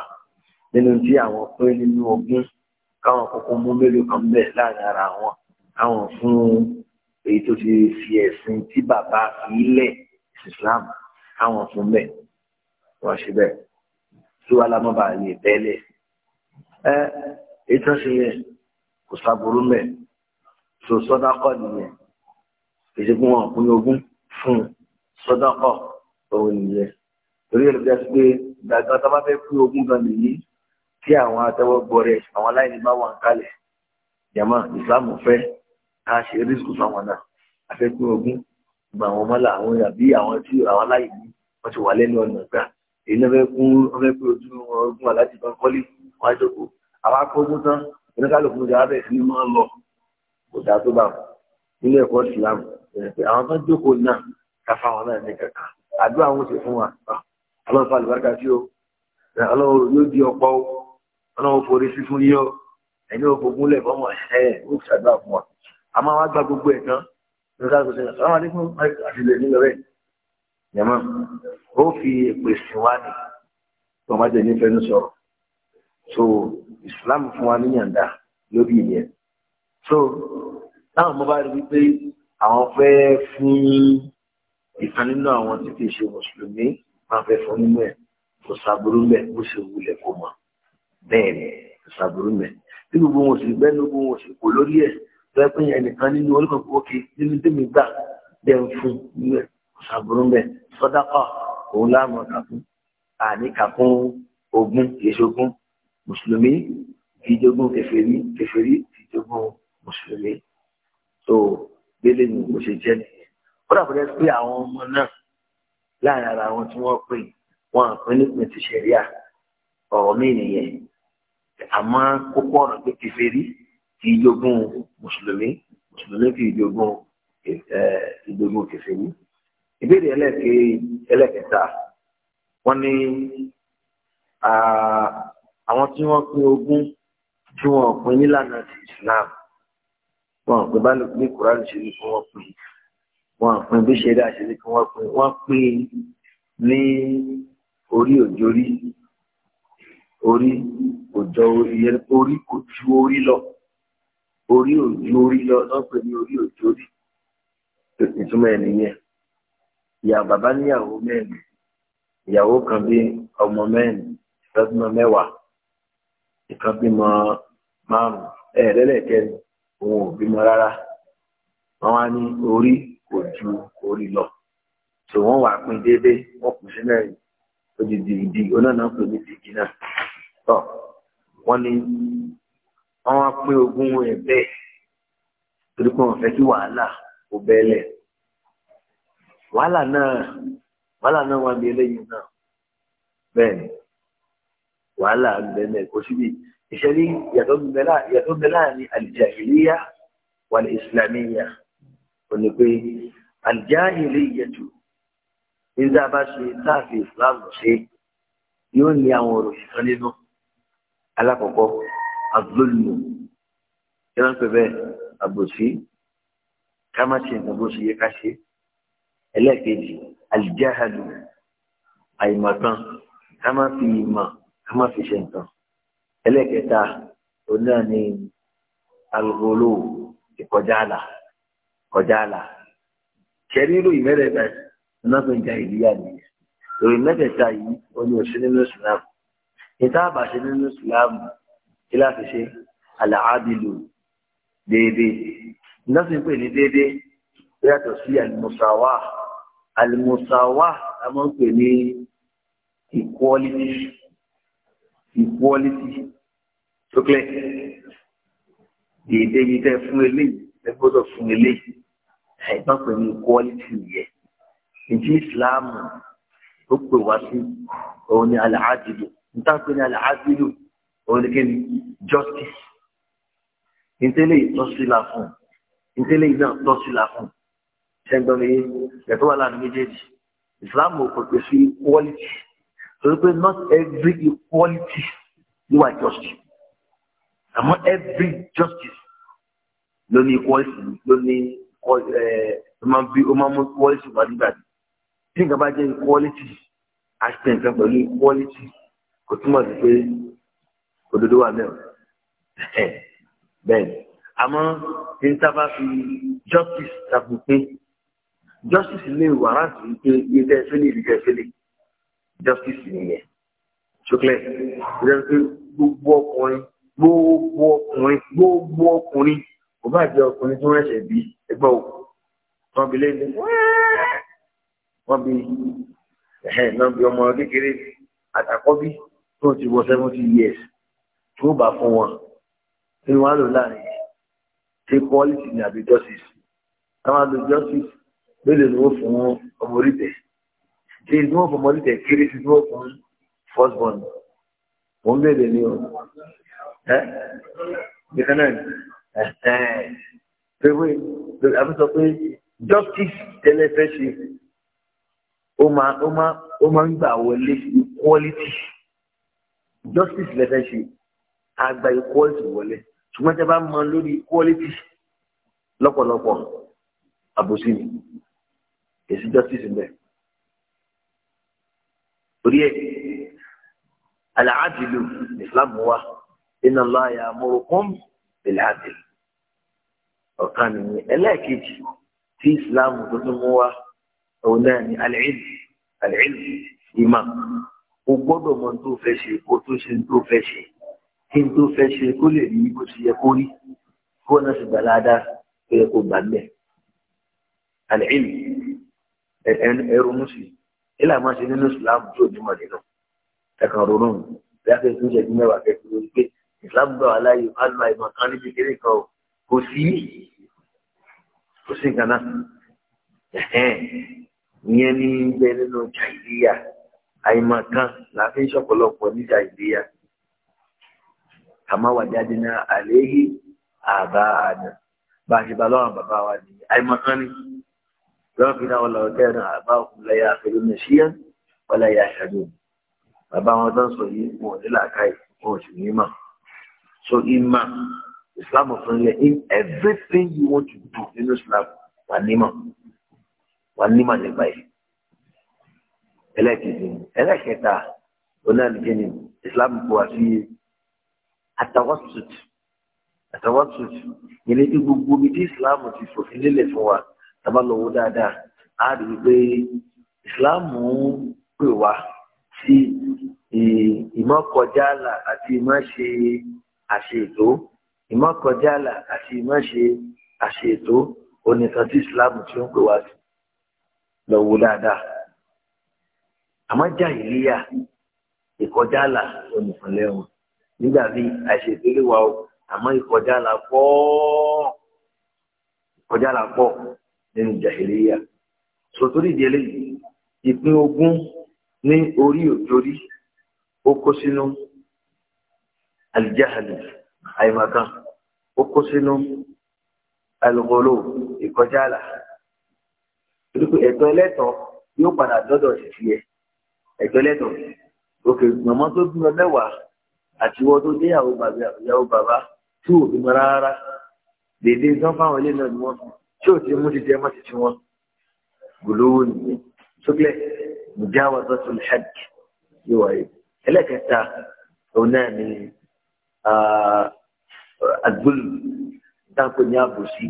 nínú tí àwọn pín nínú ogún káwọn kókó mú mélòó kan bẹ̀ láàrin ara wọn káwọn fún èyí tó ti fi ẹ̀sìn tí bàbá ilẹ̀ Islam káwọn fún bẹ̀ wọ́n ṣe bẹ́ẹ̀ tí wàá lámọ́ba lè bẹ́ẹ̀lẹ̀ ẹ ètò ṣe yẹ kò sábúrú mẹ́ẹ̀ tó sọ́dákọ̀ nìyẹn ìṣègùn wọn kún ogún fún sọ́dákọ̀ òun nìyẹn torí ẹ̀rọ bí a ti gbé gbàgbọ́ tó bá fẹ́ pín ogún gan nìyí tí àwọn atẹ́wọ́ gbọ́rẹ̀ àwọn aláìní bá wà ń kalẹ̀ jàmọ́ ìsìlámù fẹ́ ká ṣe rísíkù fáwọn náà afẹ́pín ogún gba àwọn ọmọlá àwọn àbí àwọn tí àwọn aláìní wọ́n ti wà lẹ́nu ọ̀nà gbà èyí náà fẹ́ kún ọfẹ́ pé ojú ọgbọ́n aláàjì bá kọ́lé wọ́n á jókòó àwọn akọ́jú tán oníkálùkù ìjà abẹ́ sí máa ń lọ kò dáa tó bá wọn nílé ẹ̀kọ́ ìsìlámù àwọn tó ń jókòó náà káfa wọn náà ní kankan àdúrà wọn ṣe fún wa ọlọ́run fa àlùbáríkà sí o ọlọ́run yóò di ọ̀pọ̀ o ọlọ́run forí sí fún yíyọ ẹ̀yin ògbógun lẹ̀ fọmọ ẹ̀ ó ṣàdúrà fún wa àmọ́ àwọn àgbà gbogbo ẹ̀ tán nígbà tó ṣe àwọn àdínkù àtìlẹ̀ nílẹ̀ ó fi èpè sìn wá ní tó má jẹ́ sọ̀rọ̀ so Islam fún wa níyànjá lórí ìyẹn so táwọn ọmọ bá rí wípé àwọn fẹ́ fún ìkan nínú àwọn tí kì í ṣe mùsùlùmí máa fẹ́ fún nínú ẹ̀ kò sàbúrú mẹ́ bó ṣe wulẹ̀ kó mọ̀ bẹ́ẹ̀ ni kò sàbúrú mẹ́ bí gbogbo wọn sì bẹ́ẹ̀ ni gbogbo wọn sì kò lórí ẹ̀ tó ẹ pé ẹnìkan nínú olùkọ́kọ́ òkè nínú tèmi gbà bẹ́ ń fún nínú ẹ̀ kò sàbúrú mẹ́ sọ́dákọ̀ òun láàmú kàkún àní kàkún ogún kìí ṣogún mùsùlùmí kìí jogún kèfèrí kèfèrí kìí jogún mùsùlùmí tó délé ni mo ṣe jẹ́ nìyẹn kódà bó jẹ́ pé àwọn ọmọ náà láàrin ara wọn tí wọ́n pè wọn àpín nípìn ti ṣẹ̀ríà ọ̀rọ̀ mí nìyẹn àmọ́ kókó ọ̀rọ̀ pé kèfèrí kì í jogún mùsùlùmí mùsùlùmí kì í jogún ìgbógun kèfèrí ìbéèrè ẹlẹ́ẹ̀kẹ́ ẹlẹ́ẹ̀kẹta wọ́n ní àwọn tí wọ́n pín ogún tí wọ́n pín nílànà ti Islam wọn pè bá bí kúránì ṣe ní kí wọ́n pè wọn pin bí ṣe dá ṣe ní kí wọ́n pè wọ́n pè ní orí òjòrí orí òjò orí kò ju orí lọ orí òjò orí lọ wọ́n pè ní orí òjò orí ìtumọ̀ ẹ̀ nìyẹn ìyá bàbá níyàwó mẹ́rin ìyàwó kan bí ọmọ mẹ́rin ìfẹ́ bímọ mẹ́wàá ìkan bímọ márùn-ún ẹ̀ẹ́dẹ́lẹ̀kẹrin òun ò bímọ rárá wọn wá ní orí kò ju orí lọ tó wọn wà pín déédé wọn kù sí mẹ́rin ó di dìídì onáná pè ní dìídì náà tọ wọn ní wọn wá pín ogún ẹ bẹ́ẹ̀ torí pé wọn fẹ́ kí wàhálà kó bẹ́ẹ̀lẹ̀ wàhálà náà wàhálà náà wà ní eléyìí náà bẹ́ẹ̀ wàhálà ń bẹ́ẹ̀ kó síbi ìṣẹ̀lẹ̀ yàtọ̀ ń bẹ láàrin àlìjáìlíyà wà ní ìsìlámíyà ò ní pé àlìjáìlíyà tù nígbà bá ṣe sáàfì ìsìlámù ṣe yóò ní àwọn ọ̀rọ̀ ìṣọ́ nínú alákọ̀ọ́kọ́ àgbólùmù kí wọ́n ń pè bẹ́ẹ̀ àbòsí ká má ṣe nǹkan bó ṣe yẹ ká ṣe ẹlẹ́ẹ̀kejì àlìjáàlù àìmọ̀tán ká má fi ìmọ̀ ká má fi ṣe nǹkan ẹlẹ́kẹta òun náà ni alugolo ìkọjá àlà kọjá àlà kẹrí ìròyìn mẹ́rẹ̀ẹ̀ta náà tó ń ja ìlíyà nìyẹn ìròyìn mẹ́tẹ̀ẹ̀ta yìí ó ní òsín nínú ìsìlámù ìta àbàṣe nínú ìsìlámù kí láti ṣe àlàábìlù déédéé lọ́sí pè ní déédéé yàtọ̀ sí àlùmọ̀sáwà àlùmọ̀sáwà a máa ń pè ní equality equality tókẹ́ dèédé yìí tẹ́ fún eléyìí ẹ gbọ́dọ̀ fún eléyìí ẹ̀gbọ́n pè ní quality yẹ ìdí ìsìláàmù ó pè wá sí òun ni àlàájìlù níta pé ní àlàájìlù òun ni kíni justice ìtẹ́lẹ̀ ìtọ́sílà fún ìtẹ́lẹ̀ iná tọ́sílà fún ṣẹ́gbọ́n mi ẹ̀tọ́ wà láàrin méjèèjì ìsìláàmù kò pè sí equality torí pé not every equality ló wà justice àmọ́ every justice ló ní equality ló ní eh, ó máa ń bí ó máa ń mú equality wá nígbà tí nǹkan bá jẹ́ equality àṣìṣe nǹkan pẹ̀lú equality kò túmọ̀ sí pé òdodo wà mẹ́wàá bẹ́ẹ̀ àmọ́ tí n sábà fi justice tàbí pé justice lè wà láti rí pé iye tẹ́ fẹ́lẹ̀ iye tẹ́ fẹ́lẹ̀ justice nìyẹn ṣókè ìdájọ́ pé gbogbo ọkùnrin gbogbo ọkùnrin gbogbo ọkùnrin kò bá jẹ ọkùnrin tó rẹ̀ṣẹ̀ bí ẹgbẹ́ òkú wọ́n bí lẹ́yìn wọ́n bí ẹ̀hẹ́ náà bí ọmọ kékeré àtàkọ́bí tó ti wọ seventy years tó bá fún wọn tí wọ́n á lò láàrin ṣe quality ní àbí justice àwọn àlò justice lélẹ̀ ni wọ́n fún ọmọ orí tẹ̀ ṣe ni wọ́n fún ọmọ orí tẹ̀ kéré sí ni wọ́n fún first born wọ́n bẹ̀rẹ̀ ní ọ̀nà ẹ́ ìkan náà ni pẹ̀wé àbí sọ pé justice tẹ́lẹ̀fẹ́ṣe ó máa ó máa ó máa ń gbà wọlé equality justice lẹ́fẹ́ṣe àgbà equality wọlé ṣùgbọ́n tí a bá mọ lórí equality lọ́pọ̀lọpọ̀ àbòsí ni èsì justice ń orí ẹ̀ àlàájì lu Islam wa inna Allaha ya'murukum bil 'adl ọ̀kan nìyẹn ẹlẹ́ẹ̀kejì tí islam tó tún mú wa òun náà ni al-'ilm al-'ilm ìmọ̀ o gbọ́dọ̀ mọ tó fẹ́ ṣe kó tó ṣe tó fẹ́ ṣe kí n tó fẹ́ ṣe kó lè rí bó ṣe yẹ kó rí kó náà sì gbà ládàá tó yẹ kó gbà mẹ́ al-'ilm ẹrù mùsùlùmí ilé àmọ́ ṣe nínú islam tó ní mọ̀ nínú ẹ̀kan ronú bí a fẹ́ tún ṣe ẹ̀dínmẹ́wàá fẹ́ kúrò pé ìsìlámù gbà wà láàyè má lo àìmọ̀kan níbi kéré kan o kò sí kò sí nǹkan náà ìyẹn ní bẹ nínú jàìdíyà àìmọ̀kan là fi ń ṣọ̀pọ̀lọpọ̀ ní jàìdíyà kàmá wà jáde náà àléhì àbá àdà bá a ṣe bá lọ́wọ́ bàbá wa ní àìmọ̀kan ni lọ́wọ́ fi náà wọlé ọ̀tẹ́ náà àbá òkú lẹ́yà àfẹ́lú nàìjíríà wọlé ẹ̀yà ṣàdùn bàbá wọn tó ń sọ yìí wọn ò ní làákàyè wọn ò sì ní mọ̀. So Imam, Islam of India, in everything you want to do in Islam, Wanima. Wanima Nibai. Elected. Elected. Onan Islam Kuwasi. Atawasut. Atawasut. Yẹn ní gbogbo mi tí Islam ti fòfin lélẹ̀ fún wa, tàbá lọ wo dáadáa, a rí i pé Islam ń pè wá sí ìmọ̀kọjá àti ìmọ̀ṣe àṣètò ìmọ̀kọjáàlà àti ìmọ̀ṣe àṣètò onìkan tí ìsìláàmù tí ó ń pè wá sí lọ wo dáadáa àmọ́ jàhílíyà ìkọjáàlà onìkan lẹ́wọ̀n nígbà bí àṣètò lè wà ó àmọ́ ìkọjáàlà pọ̀ ìkọjáàlà pọ̀ nínú jàhílíyà sòtúrì ìdílé ìpín ogún ní orí òjòrí ó kó sínú aljahali àìmọ̀kan ó kó sínú alùpùpù ìkọjá àlà torípé ẹ̀tọ́ ẹlẹ́tọ̀ọ́ yóò padà dọ́dọ̀ sí fi ẹ ẹ̀tọ́ ẹlẹ́tọ̀ọ́ òkè màmá tó bímọ mẹ́wàá àti wọ́n tó déyàwó bàbá ìyàwó bàbá tí ò bímọ rárá dèdè tán fáwọn ilé náà ni wọ́n tí ò ti mú ti jẹ́ mọ́ ti ti wọn gbòlówó nìyẹn sókè ìjáwá tó tún ṣáàdì yóò wáyé ẹlẹ́kẹta òun náà ni àgbòlù dáko ní àbòsí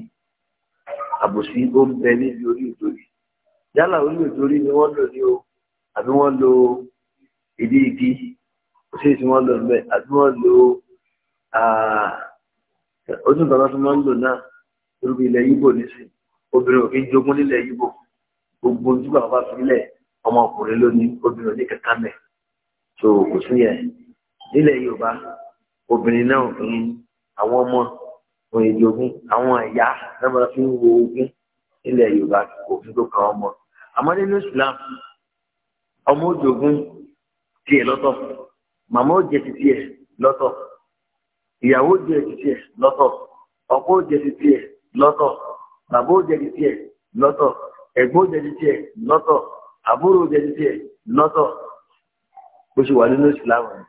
àbòsí ó ń bẹ níbi orí ìtòrí yálà orí ìtòrí ni wọ́n lò ní o àbí wọ́n lo ìdí igi kò sí èsì wọ́n lò ń bẹ àbí wọ́n lo ojú bàbá tó máa ń lò náà lórí ilẹ̀ yíbò nísìn obìnrin òfin jogún nílẹ̀ yíbò gbogbo ojú bàbá fílẹ̀ ọmọkùnrin lónìí obìnrin òní kẹta mẹ́ so kò sí yẹn nílẹ̀ Yorùbá obìnrin náà ń àwọn ọmọ wọn èdè ogun àwọn ẹ̀yà náà máa fi ń wo ogun nílẹ̀ yorùbá òfin tó kan ọmọ àmọ́ nínú islam ọmọ òjògùn tiẹ̀ lọ́tọ̀ màmá òjẹ ti tiẹ̀ lọ́tọ̀ ìyàwó òjẹ ti tiẹ̀ lọ́tọ̀ ọkọ òjẹ ti tiẹ̀ lọ́tọ̀ bàbá òjẹ ti tiẹ̀ lọ́tọ̀ ẹ̀gbọ́n òjẹ ti tiẹ̀ lọ́tọ̀ àbúrò òjẹ ti tiẹ̀ lọ́tọ̀ bó ṣe wà nínú islam rẹ̀.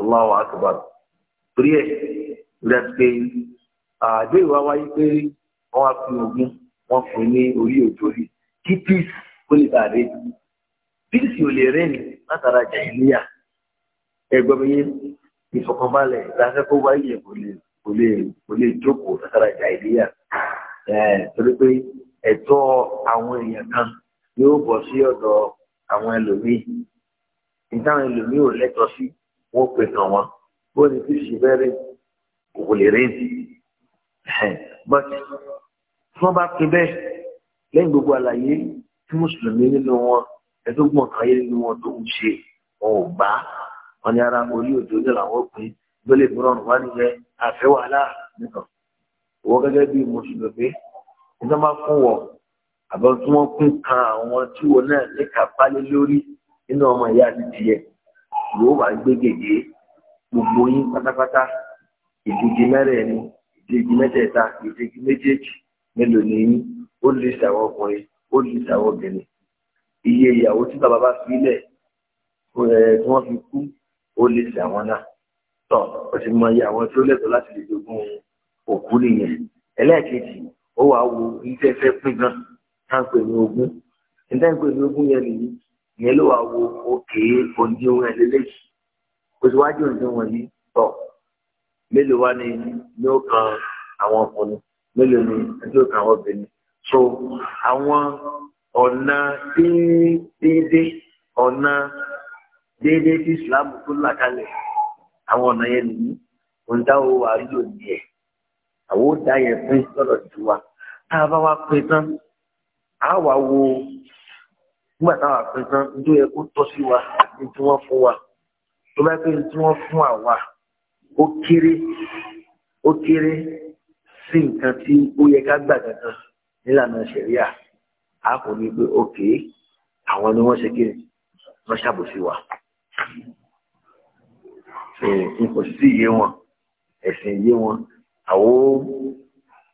Allahu akbar torí ẹ̀ lẹ́tí pé àdé ìwà wáyé pé wọ́n á fi ogun wọ́n fún ní orí òjòrí kí peace ó lè bá rẹ̀ peace ò lè rẹ̀ ní látara jàìníyà ẹgbẹ́ mi ìfọkànbalẹ̀ láfẹ́ kó wáyé kò lè kò lè kò jókòó látara jàìníyà torí pé ẹ̀tọ́ àwọn èèyàn kan yóò bọ̀ sí ọ̀dọ̀ àwọn ẹlòmíì ìtàn ẹlòmíì ò lẹ́tọ̀ọ́ sí wọ́n pè kàn wọ́n bó ni tí ṣì bẹ́ẹ̀ rìn kò lè rìn but tí wọ́n bá pin bẹ́ẹ̀ lẹ́yìn gbogbo àlàyé tí mùsùlùmí nínú wọn ẹ̀dógún ọ̀kan ayé nínú wọn tó ń ṣe wọn ò gbà wọn ni ara orí òjò ní làwọn pin gbélé ìmúràn wá nìyẹn àfẹ́ wàhálà nìkan wọ́n gẹ́gẹ́ bí mùsùlùmí iná máa fún wọn àbọ̀ tí wọ́n pín kan àwọn tí wọn náà ní kàpálẹ́ lórí nínú ọmọ ìyá àti tìyẹ̀ yóò wá gbé gègé gbogbo yín pátápátá ìdíje mẹ́rẹ̀ẹ̀rin ìdíje mẹ́tẹ̀ẹ̀ta ìdíje méjèèjì mélòó ni yín ó lè ṣàwọn ọkùnrin ó lè ṣàwọn obìnrin iye ìyàwó tí bàbá bá filẹ̀ tí wọ́n fi kú ó lè ṣàwọn náà tọ̀ ó sì mọ iye àwọn tí ó lẹ́tọ̀ọ́ láti lè jogún òkú nìyẹn ẹlẹ́ẹ̀kejì ó wàá wo ìfẹ́fẹ́ pín gan táǹpẹ̀ ní ogún ìtẹ́ǹpẹ̀ ní ogún yẹn nìyí yẹn ló wà wo òkè òǹdíwọ̀n ẹlẹ́lẹ́yìí oṣùwájú òǹdíwọ̀n yìí tọ̀ mélòó wá ní ní ó kan àwọn ọkùnrin mélòó ni ní ó kan àwọn obìnrin so àwọn ọ̀nà déédéé ọ̀nà déédéé tí Islam tó là kalẹ̀ àwọn ọ̀nà yẹn nìyí òun táwọn wà á lò nìyẹn àwọn ó dá yẹn pín lọ́dọ̀ tiwa tá a bá wá pín tán a wà wo nígbà táwọn àpẹẹtàn tó yẹ kó tọ́ sí wa ní tí wọ́n fún wa tó bá pé tí wọ́n fún àwa ó kéré ó kéré sí nǹkan tí ó yẹ ká gbà gangan nílànà ṣẹ̀ríà a kò ní pé òkè àwọn ni wọ́n ṣe kí wọ́n ṣàbòsí wa n kò sí iye wọn ẹ̀sìn iye wọn àwo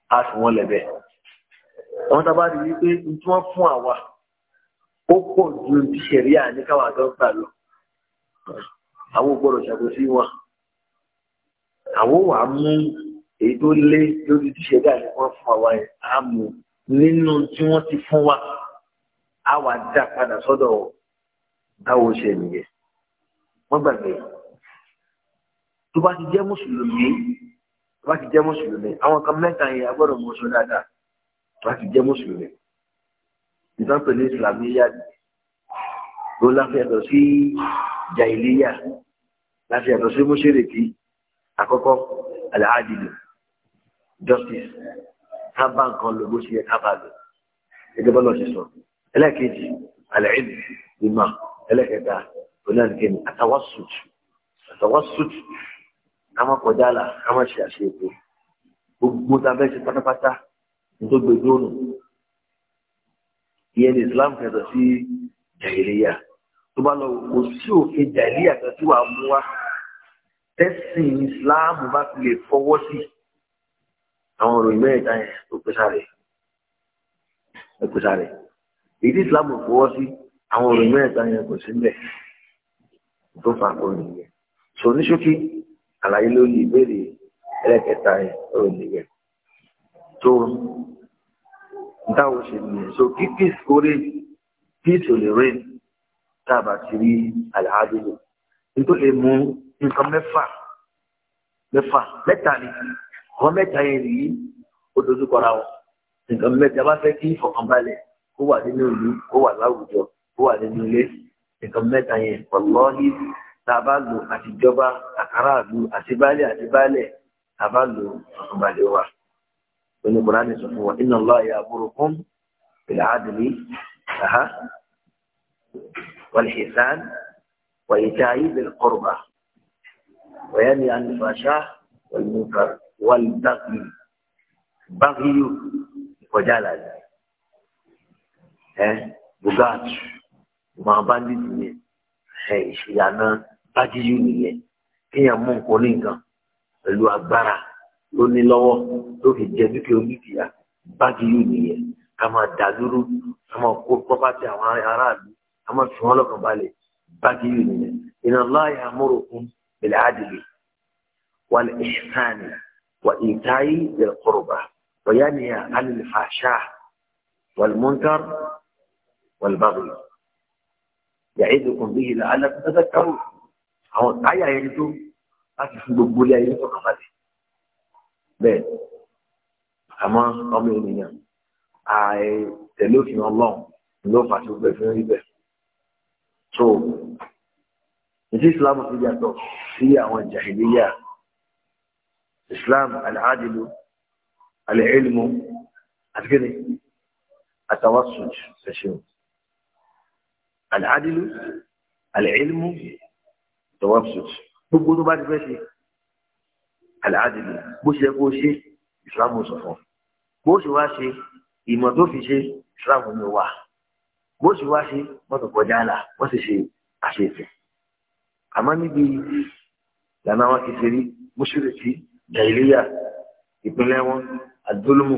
a sì wọ́n lẹ̀bẹ̀ wọ́n tábà rí wípé tí wọ́n fún àwa ó pọ̀ ju ti ṣẹ̀rí àní káwọn àgbọn gbà lọ àwọn ò gbọ́dọ̀ ṣàkóso wọn àwọn wàá mú èyí tó lé lórí ti ṣẹ̀rí àní wọn fún àwa yẹn á mú nínú tí wọ́n ti fún wa á wà dá padà sọ́dọ̀ báwo ṣe nìyẹn wọ́n gbàgbé tó bá ti jẹ́ mùsùlùmí tó bá ti jẹ́ mùsùlùmí àwọn kan mẹ́ta yẹn a gbọ́dọ̀ mọ̀ ọ́ sọ dáadáa tó bá ti jẹ́ mùsùlùmí ìtọ́pẹ̀ ní islamiyà ló láfẹ̀ẹ́dọ̀ sí jàìlíyà láfẹ̀ẹ́dọ̀ sí mọ́ṣẹ́rẹ̀kì àkọ́kọ́ aláàdìlú justice tábà nǹkan lò bó ṣe yẹ kábà lò gẹ́gẹ́ bọ́lá ṣe sọ ẹlẹ́ẹ̀kejì alẹ́ẹ̀dì ìmọ̀ ẹlẹ́ẹ̀kẹta onáàdìkẹ́ni àtàwọ́sùtù àtàwọ́sùtù kámá kọjá là kámá ṣe àṣeyẹ̀kọ́ gbogbo tàbẹ́ ṣe pátápátá nítorí gbẹdúrónù ìyẹn ní Islam kẹtọ sí jàìlíyà tó bá lọ kò sí òfin jàìlíyà kan tí wàá mú wá tẹsán Islam bá fi lè fọwọ́ sí àwọn òròyìn mẹ́ta yẹn tó pèsè rẹ̀ ẹ̀kùsà rẹ̀ ìdí Islam fọwọ́ sí àwọn òròyìn mẹ́ta yẹn kò sí mbẹ̀ tó fà kó nìyẹn sọ ní ṣókí àlàyé lórí ìbéèrè ẹlẹ́kẹta yẹn ó nìyẹn tó táwọn ṣe nìyẹn so kí peace kó rè peace ò lè rè táàbà ti rí àlàáfíà nítorí lè mú nǹkan mẹ́fà mẹ́fà mẹ́ta ni àwọn mẹ́ta yẹn nìyí ó dojú kọra wọn nǹkan mẹ́ta bá fẹ́ kí ìfọ̀kànbalẹ̀ kó wà nínú ìlú kó wà láwùjọ kó wà nínú ilé nǹkan mẹ́ta yẹn pọ̀lọ́ọ̀lì tàbá lò àtijọba àkàrà àlù àtibálẹ̀ àtibálẹ̀ tàbá lò ìfọ̀kànbalẹ̀ wa. من القرآن سبحانه وإن الله يأمركم بالعدل والحسان وإيتاء ذي القربى وينهى عن الفحشاء والمنكر والبغي بغي وجلد هه بغات ما بانديني هي شيانا بغي يونيه كيان مون كونين كان لو اغبره tó ní lọ́wọ́ tó fi jẹ dúkìá onídìíyà báàgì yóò nìyẹn ká máa dà dúró ká máa kó pọ́pátì àwọn aráàlú ká máa fi wọ́n lọ́kàn balẹ̀ báàgì yóò nìyẹn inna Allah ya'murukum bil adli wal ihsani wa ita'i dhil qurba wa yanha 'anil fahsha'i wal munkar wal baghi ya'idukum bihi la'allakum tadhakkarun àwọn táyà yẹn tó láti fún gbogbo ilé ayé lọ́kàn balẹ̀ bẹ́ẹ̀ àmọ́ ọmọ ènìyàn àì tẹ̀lé òfin ọlọ́run ló fà sí gbogbo ìfún ibẹ̀ so ìdí islam ti yàtọ̀ sí àwọn jahiliya islam al'adilu al'ilmu àti kíni àtàwásùj ṣẹṣin al'adilu al'ilmu àtàwásùj gbogbo tó bá ti fẹ́ ṣe àlàádìlú bó ṣe kó ṣe ìsìlámù sọ̀fọ̀ bó ṣe wá ṣe ìmọ̀ tó fi ṣe ìsìlámù ni wà bó ṣe wá ṣe mọ́tò kọjá là wọ́n sì ṣe àṣeyẹsẹ̀ àmọ́ níbi ìlànà àwọn kìfèrí mùsùlùmí jàìlíyà ìpínlẹ̀ wọn àdúlùmù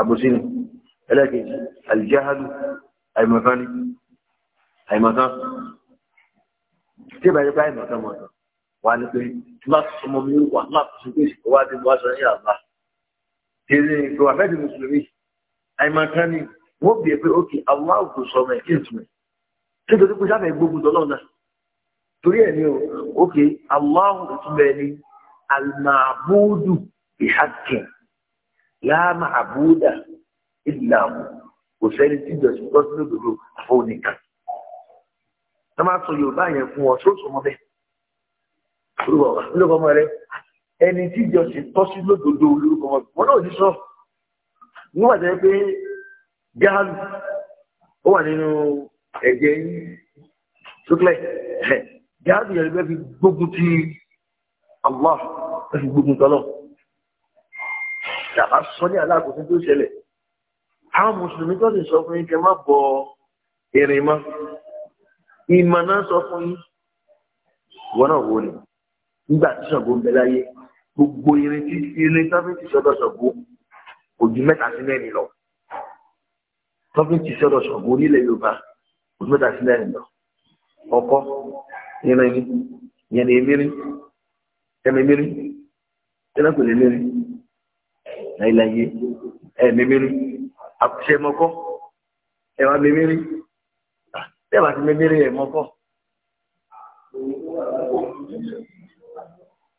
àbòsínì ẹlẹ́kejì àlìjáhálù àìmọ̀kan ni àìmọ̀kan tí ìbáyé bá àìmọ̀kan mọ̀tàn wà ní pé láti sọmọ mi wà láti sọ pé ìsìnkú wá dé wá sọ ní àbá kéré ìgbò àfẹ́dì mùsùlùmí àìmọ̀kan ni wọ́n bìí pé ókè àwọn àwòkù sọmọ ẹ̀ kí n túmọ̀ kí n tó dípò sábẹ̀ gbógun tọ́lọ́ náà torí ẹ̀ ní o ókè àwọn àwòkù túmọ̀ ẹ̀ ní alimabudu ìhàkìn láàmà àbúdà ìlàmù kò sẹ́ni tí ìjọsìn tọ́sí lódodo àfọwọ́nìkan. ẹ máa sọ Yorùbá yẹn fún ọ sóòsù ọmọ bẹ́ẹ̀ olùkọ́ ọmọ rẹ ẹni tí ìjọsìn tọ́ sí lódodo olùkọ́ ọmọ wọn náà ní sọ nígbà tó yẹ pé gáàlù ó wà nínú ẹ̀jẹ̀ yín sókè gáàlù yẹn bẹ́ẹ̀ fi gbógun ti Allah bẹ́ẹ̀ fi gbógun tọ́lọ̀ tàbá sọ ní aláàkóso tó ṣẹlẹ̀ àwọn mùsùlùmí tó sì sọ fún yín kẹ má bọ ìrìn mọ́ ìmọ̀ náà sọ fún yín wọn náà wò ni nígbà tí Ṣàngó ń bẹ láyé gbogbo irin tí irin tọ́fíìsì sọ́dọ̀ Ṣàngó kò ju mẹ́ta sí mẹ́rin lọ tọ́fíìsì sọ́dọ̀ Ṣàngó nílẹ̀ Yorùbá kò ju mẹ́ta sí mẹ́rin lọ ọkọ irin yẹn ni emiri ẹmẹmiri ẹnàkùnrin emiri láyéláyé ẹmẹmiri àkùsẹ mọkọ ẹwà mẹmiri ẹwà ti mẹmiri ẹmọkọ.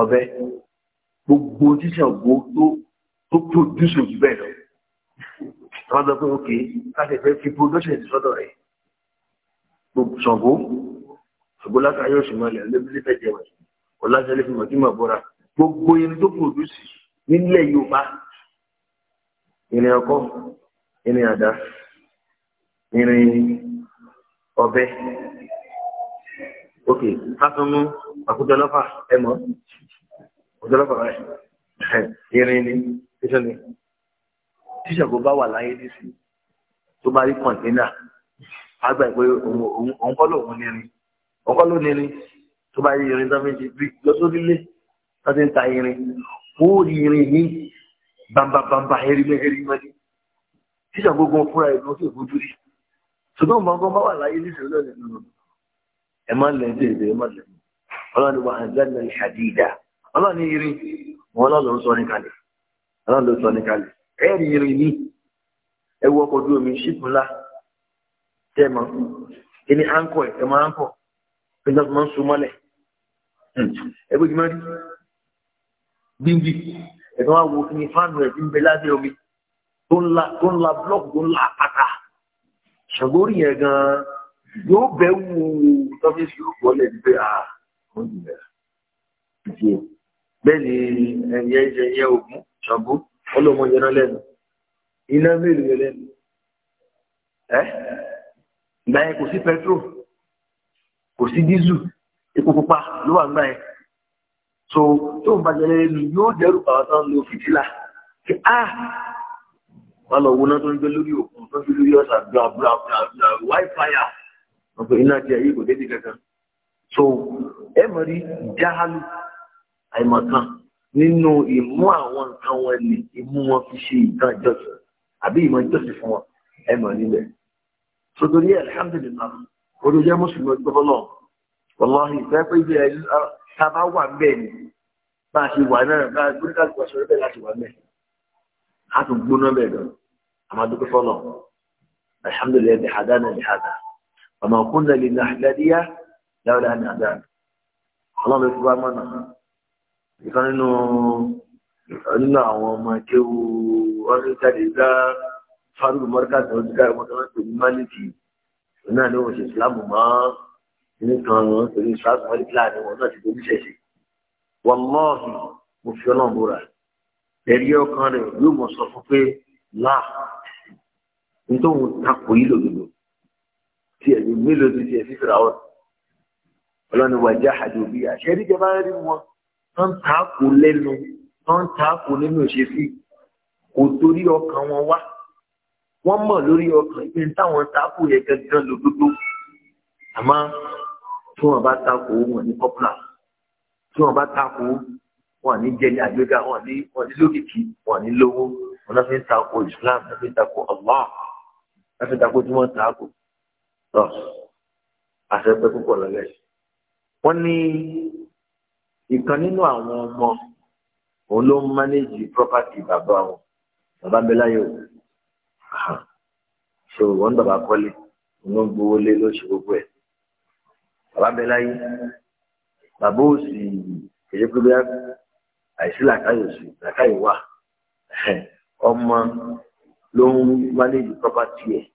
ọ̀bẹ gbogbo tíṣà ògbó tó tó pòdúsù jù bẹ́ẹ̀ lọ wọ́n sọ pé òkè káṣẹ̀fẹ́ fi production ti sọ́dọ̀ rẹ̀ gbogbo ṣàngó ṣàngó láta yóò ṣùgbọ́n ilẹ̀ olóbìnrin fẹ́ jẹun ọ̀làṣẹ́lẹ̀ fi mọ̀tí mọ̀ bọ́ra gbogbo irin tó pòdúsù nílẹ̀ Yorùbá irin ọkọ́ irin àdá irin ọ̀bẹ òkè fásánú àkójọ lọ́fà ẹ mọ̀ àkójọ lọ́fà rẹ̀ irin ni tíṣà ni tíṣà kò bá wà láyé nísì tó bá rí kọ̀ǹtínà á gbà pé òun kọ́ lòun nírin òun kọ́ ló nírin tó bá rí irin tán méjì bí lọ́sọ́dílé wọ́n ti ń ta irin ó rí irin ní bambabamba herimẹ herimẹ ni tíṣà gbogbo fúnra ẹ̀ ló sì fojú rí ṣùgbọ́n gbọ̀ngàn bá wà láyé nísì lọ́dọ̀ ẹ̀ ẹ̀ máa ń lẹ́ńdẹ̀ ọlọ́ni wà àǹzẹ́lẹ̀ ìṣàdídà ọlọ́ni irin wọn lọ́lọ́ sọ ní kalẹ̀ ọlọ́lọ́ sọ ní kalẹ̀ ẹ̀rì irin ní ẹwọ ọkọ̀ ojú omi ṣípù ńlá tẹ́ mọ́ kí ni áńkọ̀ ẹ̀ ẹ̀ máa áńkọ̀ kí ni wọ́n so mọ́lẹ̀ hmm. ẹgbẹ́ jùmọ́ rí gbíngì ẹ̀gbọ́n wa wo kí ni fáànù ẹ̀ ti ń bẹ lábẹ́ omi tó ńlá tó ńlá blọ́ọ̀kì tó ńlá àpáta ṣàgbórí yẹn gan yóò bẹ́ wù tọ́fíìsì yóò wọlé níbẹ̀ àá díẹ̀ bẹ́ẹ̀ ni ẹ̀yẹ ẹ̀yẹ ẹ̀yẹ ògún ṣàbó ọlọ́mọ yẹn náà lẹ́nu iná mélòó yẹn lẹ́nu ẹ́ ìgbà yẹn kò sí pẹtrol kò sí dísù epo pupa ló wà nígbà yẹn so tó ń bàjẹ́ lẹ́nu yóò dẹ́rù bàbá tó ń lo fìtílà kí á ah! wà lọ wo náà tó ń gbé lórí òkun tó ń gbé lórí ọ̀sà bla bla bla bla wáìfáyà wọn pé iná jẹ yìí kò dédé kankan so ẹ mọ̀ rí jáhálù àìmọ̀kan nínú ìmú àwọn nǹkan wọn lè ìmú wọn fi ṣe ìtàn ìjọsìn àbí ìmọ̀ ìjọsìn fún wọn ẹ mọ̀ níbẹ̀. sotori alhamdulilayi olùjẹ́ mùsùlùmí gbọ́dọ̀ náà wàláhì ìfẹ́ pé ibi ẹ̀ sábà wà ń bẹ̀ ni bá a ṣe wà náà bá a gbóríkà lùwà sọ̀rọ̀ bẹ́ẹ̀ láti wà ń bẹ̀. a tún gbóná bẹ̀ lọ àmàdúgbò fọlọ́ alhamdulilayi bi hadana bi hada ọmọ lè nà ọlọ́run ló fi wá mọ̀nà ìkan nínú nínú àwọn ọmọ akéwu ọdún jáde dá fábíù mọ́ríkàtì ọdún jáde wọn tó ń pè ní málìkì náà ni wọn ṣe ìsìlámù mọ́ nínú kan wọn pè ní ìsìlámù málìkì láàrin wọn náà ti dojú ṣẹ̀ṣẹ̀ wọn lọ́ọ̀hì mo fi ọlọ́run bóra ẹ̀rí ọkàn rẹ̀ yóò mọ̀ sọ fún pé láà nítorí takò yìí lòdòdò tí ẹ̀yìn mélòó ti ti ẹ̀ fífìrà ọ̀rọ̀ ọlọ́ni wà jáhàdù bí àṣẹ́rí jẹ́ bá rí wọn tó ń tààkù lẹ́nu tó tààkù nínú ìṣesí kò torí ọkàn wọn wá wọ́n mọ̀ lórí ọkàn pé táwọn tààkù yẹ gangan lódodo àmọ́ tí wọ́n bá tààkù wọn ní pọ́pùlà tí wọ́n bá tààkù wọn ní jẹ́lé àgbéga wọn ní wọn ní lókìkí wọn ní lówó wọn náà fi ń tààkù Islam náà fi ń tààkù Allah náà fi ń tààkù tí wọ́n tààkù lọ àṣẹ pẹ́ púpọ̀ lọ́lẹ́sìn wọ́n ní ìkan nínú àwọn ọmọ òun ló ń mánéjì property bàbá wọn bàbá bẹ́láyò so wọ́n bàbá kọ́lé òun ló ń gbowó lé lóṣù gbogbo ẹ̀ bàbá bẹ́láyò bàbá òsì èyí pé bẹ́ẹ̀ àìsí làkàyò sí làkàyò wà ọmọ ló ń mánéjì property ẹ̀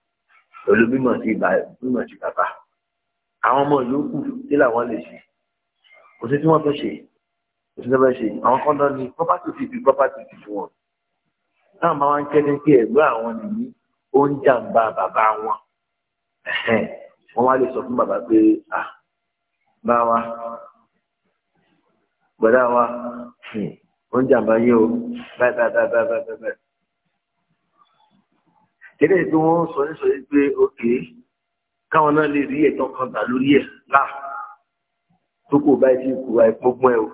pẹ̀lú bímọ sí bàbá àwọn ọmọ yòókù tí làwọn lè ṣe kò sí tí wọ́n fẹ́ ṣe kò sí tí wọ́n fẹ́ ṣe àwọn kan náà ni property ti fi property ti fi wọn táwọn bá wá ń kẹ́ni pé ẹ̀gbọ́n àwọn nìyí ó ń jàǹbá bàbá wọn wọ́n wá lè sọ fún bàbá pé à bá wa gbọ́dá wa ó ń jàǹbá yé o báyìí báyìí báyìí báyìí báyìí. kéde tí wọ́n sọ ní sọ yìí pé ókè káwọn náà lè rí ẹ̀tọ́ kan gbà lórí ẹ̀ láà tó kò báyìí ti kú àìpọ́gbọ́n ẹ̀ o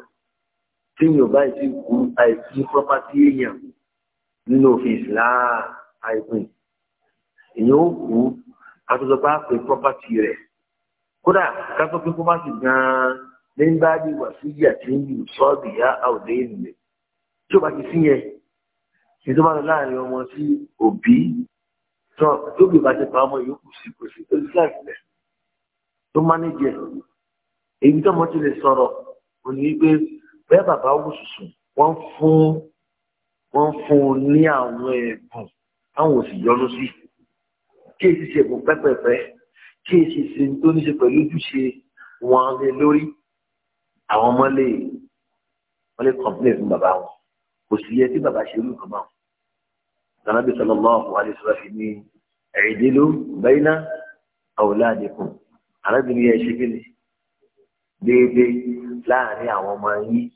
tí mi ò báyìí ti kú àìsí pọ́pátì èèyàn nínú òfin islam àìpín èèyàn ó kú àtúntọ́pá pé pọ́pátì rẹ̀ kódà kátó pé pọ́pátì gan-an ní bá di wàsíyà tí ń yù sọ́ọ̀bì yá àwòdé ènìyàn tí ó bá ti sí yẹn ìjọba lọ láàrin ọmọ sí òbí tó tóbi bá ti pamọ́ yòókù sí kò sí tó sílẹ̀ sílẹ̀ tó mánéjẹ èyí tó mọ́ ti lè sọ̀rọ̀ kò ní gbé bẹ́ẹ̀ bàbá wù sùsùn wọ́n fún wọ́n fún un ní àwọn ẹ̀bùn táwọn ò sì yọnu se kí èsì ṣe ẹ̀bùn pẹ́pẹ́pẹ́ kí èsì ṣe tó ní ṣe pẹ̀lú ojúṣe wọn lé lórí àwọn ọmọ lè wọ́n lè complain fún bàbá wọn kò sì yẹ kí bàbá ṣe irú nǹkan báwọn nàbí sallallahu alaihi wasallam ní i'dilu bayna awladikum arábìnrin yẹn ṣe kí ni déédéé láàrin àwọn ọmọ yín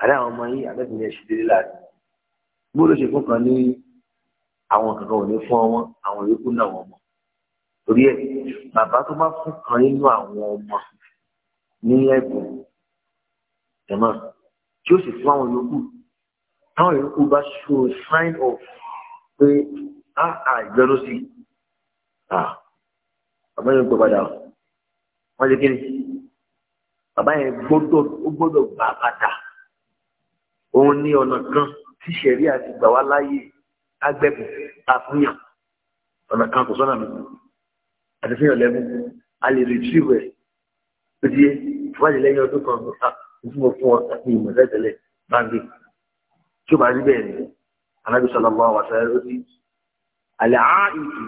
àárẹ̀ àwọn ọmọ yín arábìnrin yẹn ṣe déédéé láàrin gbọ́dọ̀ ṣe fún kan ní àwọn kankan ò ní fún ọmọ àwọn yòókù náà wọn mọ torí ẹ bàbá tó bá fún kan nínú àwọn ọmọ ní ẹ̀bùn ẹmọ tí ó sì fún àwọn yòókù táwọn yòókù bá show sign of pé á ah, àìgbẹ́rú ah, sí ah, bàbá yẹn gbọ́ padà wọ́n lé kiri bàbá yẹn gbọ́dọ̀ ó gbọ́dọ̀ gbà padà òun ní ọ̀nà kan tí sẹ̀rí àti gbà wá láyè agbẹ́bù àfihàn ọ̀nà kan kò sọ́nà mi àti fihàn lẹ́mú a lè retrieve ẹ̀ tó di lẹ́yìn ọdún kan fún ọ fún ọ àti ìmọ̀ tẹ́tẹ́lẹ̀ báńkì tí ó bá rí bẹ́ẹ̀ ni anábì sallallahu alaihi wasallam ní àlàáìdì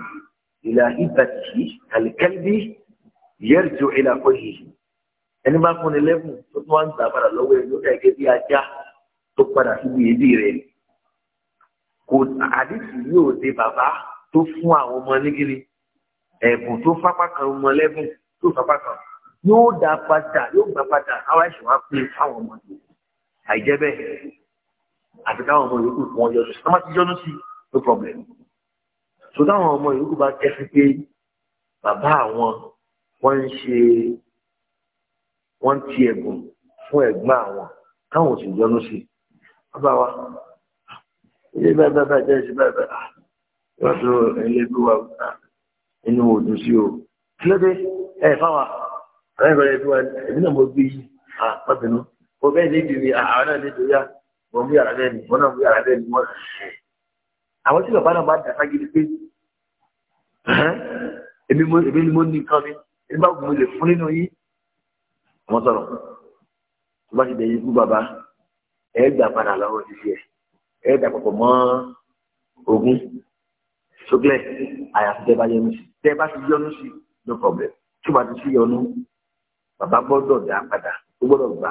ìlà ìbàtì àlìkẹ́lbí yẹ́rìjọ ìlà kọ́yì ẹni bá fún ni lẹ́bùn tó tún wá ń gbà padà lọ́wọ́ ẹ̀ lókè gẹ́gẹ́ bí ajá tó padà síbi èdè rẹ̀ kò àdìsí yóò dé bàbá tó fún àwọn ọmọ nígiri ẹ̀bùn tó fapá kan ọmọ lẹ́bùn tó fapá kan yóò dá padà yóò gbà padà àwọn àìsàn wá pé fáwọn ọmọ àìjẹ́ bẹ́ẹ̀ àti káwọn ọmọ yòókù fún wọn yọnu sí tọ́mọ́ ti yọnu sí no problem so táwọn ọmọ yòókù bá kẹ́sí pé bàbá àwọn wọ́n ń ṣe wọ́n ti ẹ̀bùn fún ẹ̀gbọ́n àwọn káwọn ò sì yọnu sí bàbá wa ilé bá bá bá jẹ́ ìṣẹ́ bá bá wọ́n tó ẹlẹ́gbẹ́ wa ah, inú òdù sí o kí ló dé ẹ fáwa àwọn ìgbàlẹ̀ ẹ̀dùn wa ẹ̀dùn náà mo gbé yìí àpapẹ̀nu ah, mo bẹ́ẹ̀ ní ìdìrí ah, àwọn náà ní ìdìrí wọn bí yàrá bẹ́ẹ̀ ni wọn náà bí yàrá bẹ́ẹ̀ ni wọn náà ṣe àwọn tí bàbá náà bá dàgbà gidi pé èmi ni mo ní nǹkan mi èmi bá gbọ́n lè fún nínú yín wọn sọ̀rọ̀ tó bá ti dẹ̀ yín kú bàbá ẹ gbà padà lọ́wọ́ títí ẹ ẹ dà pọ̀ mọ́ ogún sókè àyàfi tẹ́ bá yọnu sí tẹ́ bá ti yọnu sí no problem tí o bá ti sí yọnu bàbá gbọ́dọ̀ dá padà ó gbọ́dọ̀ gbà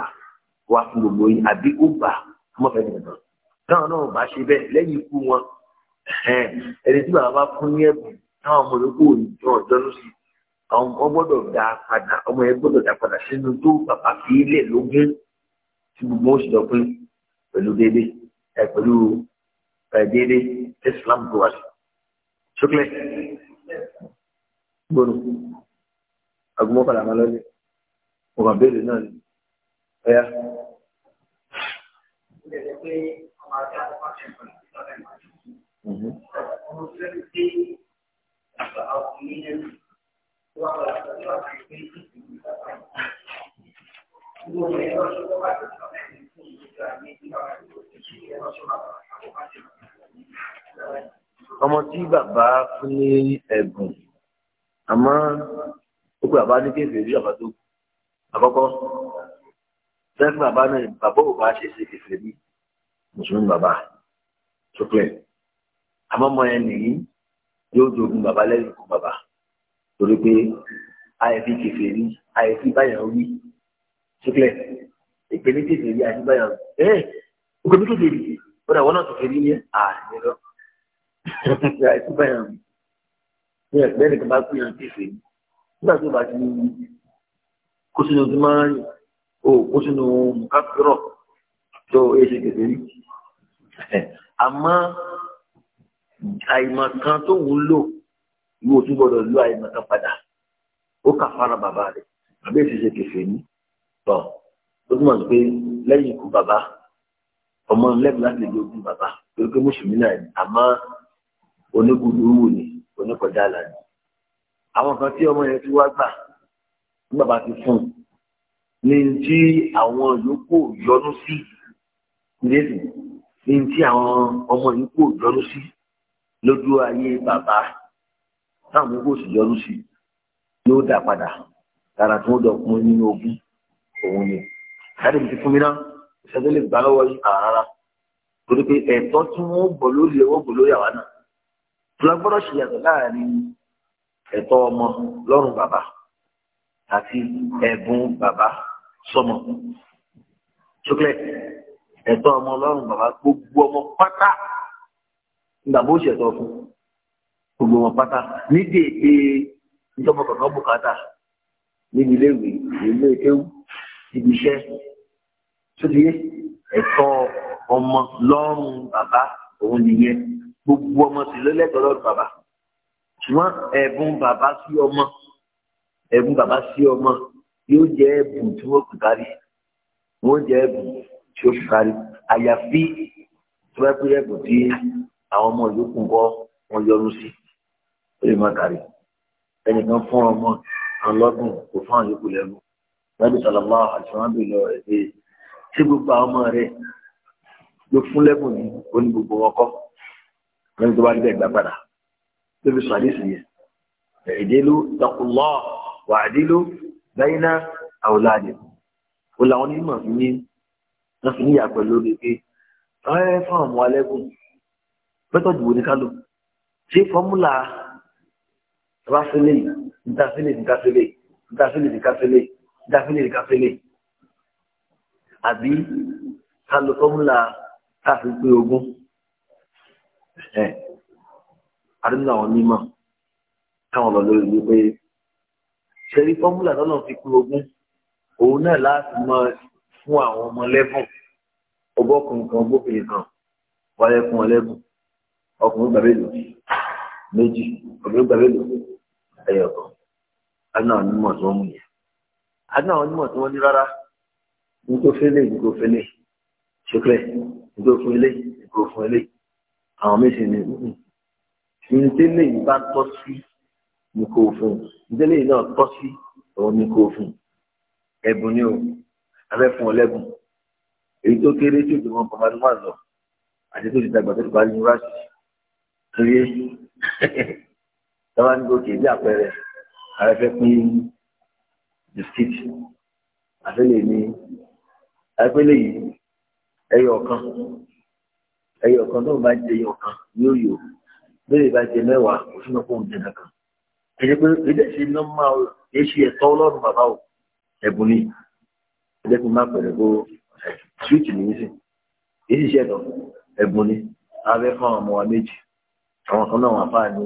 wá fún gbogbo yín àbí ó gbà ọmọ fẹ́ dìbò náà táwọn náà bá ṣe bẹ́ẹ̀ lẹ́yìn ikú wọn ẹni tí bàbá fún ní ẹ̀bùn táwọn ọmọ yòókù òyìnbó ọ̀dọ́nú sí àwọn ọmọ gbọ́dọ̀ dá padà ọmọ yẹn gbọ́dọ̀ dá padà sínú tó bàbá fi ilé lógún tí gbogbo wọn sì lọ pín pẹ̀lú déédé ẹ pẹ̀lú déédé Islam tó wà sí. ṣókè gbọ́nù agunmọ́kànlá máa lọ́lẹ̀ ọ̀gá béèrè náà ni ọ̀yá ó lè jẹ́ pé ọmọ àti àtọ́kọ́ ṣe pẹ̀lú ìjọba ìmọ̀jú. Ọmọ fẹ́ mi pé àgbà ọkùnrin yẹn ló wà lọ́wọ́ àti àtọ́kọ́ ṣe pé ìjọba ìmọ̀jú. Gbogbo ọmọ ẹ̀rọ ṣe wọ́n bá ti sọ fẹ́ mi fún ìjọba mi nígbà wà ní òṣèlú ẹ̀rọ ṣe wà lọ́wọ́ àkókò àti ọmọ tí bàbá fún ní ẹ̀bùn àmọ́ ó pé bàbá ní kéfèé bí bàbá tó àkọ́kọ́ sẹ́ńtì bàbá náà bàbá ò bá ṣe ṣe kẹfẹ́ bí mùsùlùmí bàbá ṣùpẹ́ àmọ́ ọmọ yẹn nìyí yóò jogun bàbá lẹ́yìn ikú bàbá torí pé àìfi kẹfẹ́ rí àìfi báyà wí ṣùpẹ́ ìpele kẹfẹ́ rí àìfi báyà wí ẹ́ òkè mi kẹfẹ́ rí bọ́dà wọn náà kẹfẹ́ rí ní àárín lọ àìfi báyà wí ní ẹgbẹ́ nìkan bá kú yàn kẹfẹ́ rí nígbà tó bá ti kó sínú ojúmọ́ rìn o kó sínú mùkátírọ̀ tó èsì kékeré àmọ́ àìmọ̀ kan tó ń lò ìwọ tún gbọ́dọ̀ lo àìmọ̀ kan padà ó kà fara bàbá rẹ̀ àbí èsì ṣe kẹfẹ́ ní tọ́ ó túmọ̀ sí pé lẹ́yìn ikú bàbá ọmọ lẹ́bi láti lè ogún bàbá torí pé mùsùlùmí náà ni àmọ́ onígundurú ni oníkọjá àlàní àwọn kan tí ọmọ yẹn ti wá gbà ní bàbá ti fún un ní tí àwọn yòókù yọnu sí lẹ́sìn ní tí àwọn ọmọ yòókù yọnu sí lójú ayé bàbá táwọn yòókù sì yọnu sí yóò dà padà tara tí wọ́n dọ̀ kún nínú ogún òun ni sáré mi ti fún mi náà ìṣẹ́jú lè gbà lọ́wọ́ yìí àrárá torí pé ẹ̀tọ́ tí wọ́n gbọ́ lórí ẹ̀wọ́ gbọ́ lórí àwa náà tí ṣe yàtọ̀ láàrin ẹ̀tọ́ ọmọ lọ́rùn bàbá àti ẹ̀bùn bàbá sọmọ ṣókè ẹ̀tọ́ ọmọ ọlọ́run bàbá gbogbo ọmọ pátá nígbà bó ṣe ẹ̀tọ́ fún gbogbo ọmọ pátá ní dèédé ìjọba kọ̀ọ̀kan bùkátà níbi iléèwé ilé ìkéwú ibi iṣẹ́ ṣókè ẹ̀tọ́ ọmọ lọ́rùn bàbá òun nìyẹn gbogbo ọmọ sì ló lẹ́tọ̀ọ́ lọ́rùn bàbá ṣùgbọ́n ẹ̀bùn bàbá sí ọmọ ẹ̀bùn bàbá sí ọmọ yóò jẹ́ ẹ̀bùn tí wọ́n kù kárí wọ́n jẹ́ ẹ̀bùn tí ó kù kárí àyàfi tí wọ́n pè ẹ̀bùn tí àwọn ọmọ yòókù kọ́ wọn yọrù sí ó lè má kárí ẹnìkan fún ọmọ ọlọ́gùn kò fún àwọn yòókù lẹ́nu lẹ́nu sàlámà àṣewádùn ìlọ ẹ̀dẹ́ tí gbogbo àwọn ọmọ rẹ̀ ló fún lẹ́bùn ní gbogbo wọn kọ́ lẹ́nu tó bá dé ẹ̀gbá padà lóbi sọ àdéhùn yẹn ẹ̀dẹ́lú takulọ́ wàdílú bẹ́yìnà àwòládìí ó làwọn onímọ̀ fi ní wọ́n fi níyà pẹ̀lú orí pé ẹ fọ́ọ̀mù wa lẹ́gùn mẹ́tọ̀dù wo ni ká lò ṣé fọ́múlà ráfẹ́lẹ̀ ìdáfẹ́lẹ̀ ìdáfẹ́lẹ̀ ìdáfẹ́lẹ̀ ìdáfẹ́lẹ̀ ìdáfẹ́lẹ̀ ìdáfẹ́lẹ̀ àbí ká lo fọ́múlà káàfin pé ogún ẹ̀ àdúgbò àwọn onímọ̀ káwọn lọ lórí wípé ṣẹ̀rí fọ́múlà lọ́nà fi pín ogún òun náà láti mọ fún àwọn ọmọ lẹ́bùn ọgbọ́kùnrin kan ọgbọ́kùnrin kan wáyé fún ọ lẹ́bùn ọkùnrin gbàgbé lò méjì ọkùnrin gbàgbé lò ẹyọ kan adúnà àwọn onímọ̀ tí wọ́n mú yẹn adúnà àwọn onímọ̀ tí wọ́n ní rárá ní tó fẹ́lẹ̀ ní kò fẹ́lẹ̀ ṣùkúrẹ́ ní tó fún ilé ní kò fún ilé àwọn méjì ní ní tẹ́lẹ̀ yìí bá tọ́ sí ní kó fún un ìdílé náà tọ́ sí òun ní kó fún un ẹ̀bùn ni o abẹ́ fún ọ lẹ́bùn èyí tó kéré tí òjò wọn bàbá wọn lọ àti tó ti dàgbà tó ti bá yunifásitì torí ẹ wọn ní gòkè bí àpẹẹrẹ ààrẹ fẹ́ pín bisikíìtì àtẹlẹ ní àpẹẹlẹ yìí ẹyọ ọ̀kan ẹyọ ọ̀kan tó bá jẹ ẹyọ ọ̀kan yóò yọ bẹ́ẹ̀ bá jẹ mẹ́wàá òṣùnà kó ń jẹ kankan ẹ̀jẹ̀ pé ilé ṣe nọ́mà o kì í ṣe ẹ̀tọ́ ọlọ́run bàbá o ẹ̀bùn ni ẹ̀jẹ̀ pé má pẹ̀lẹ́ kó ṣíìtì nìyí sí kì í sì ṣe ẹ̀tọ́ ẹ̀bùn ni abẹ́ fún àwọn ọmọ wa méjì àwọn kan náà wọn àfáà ní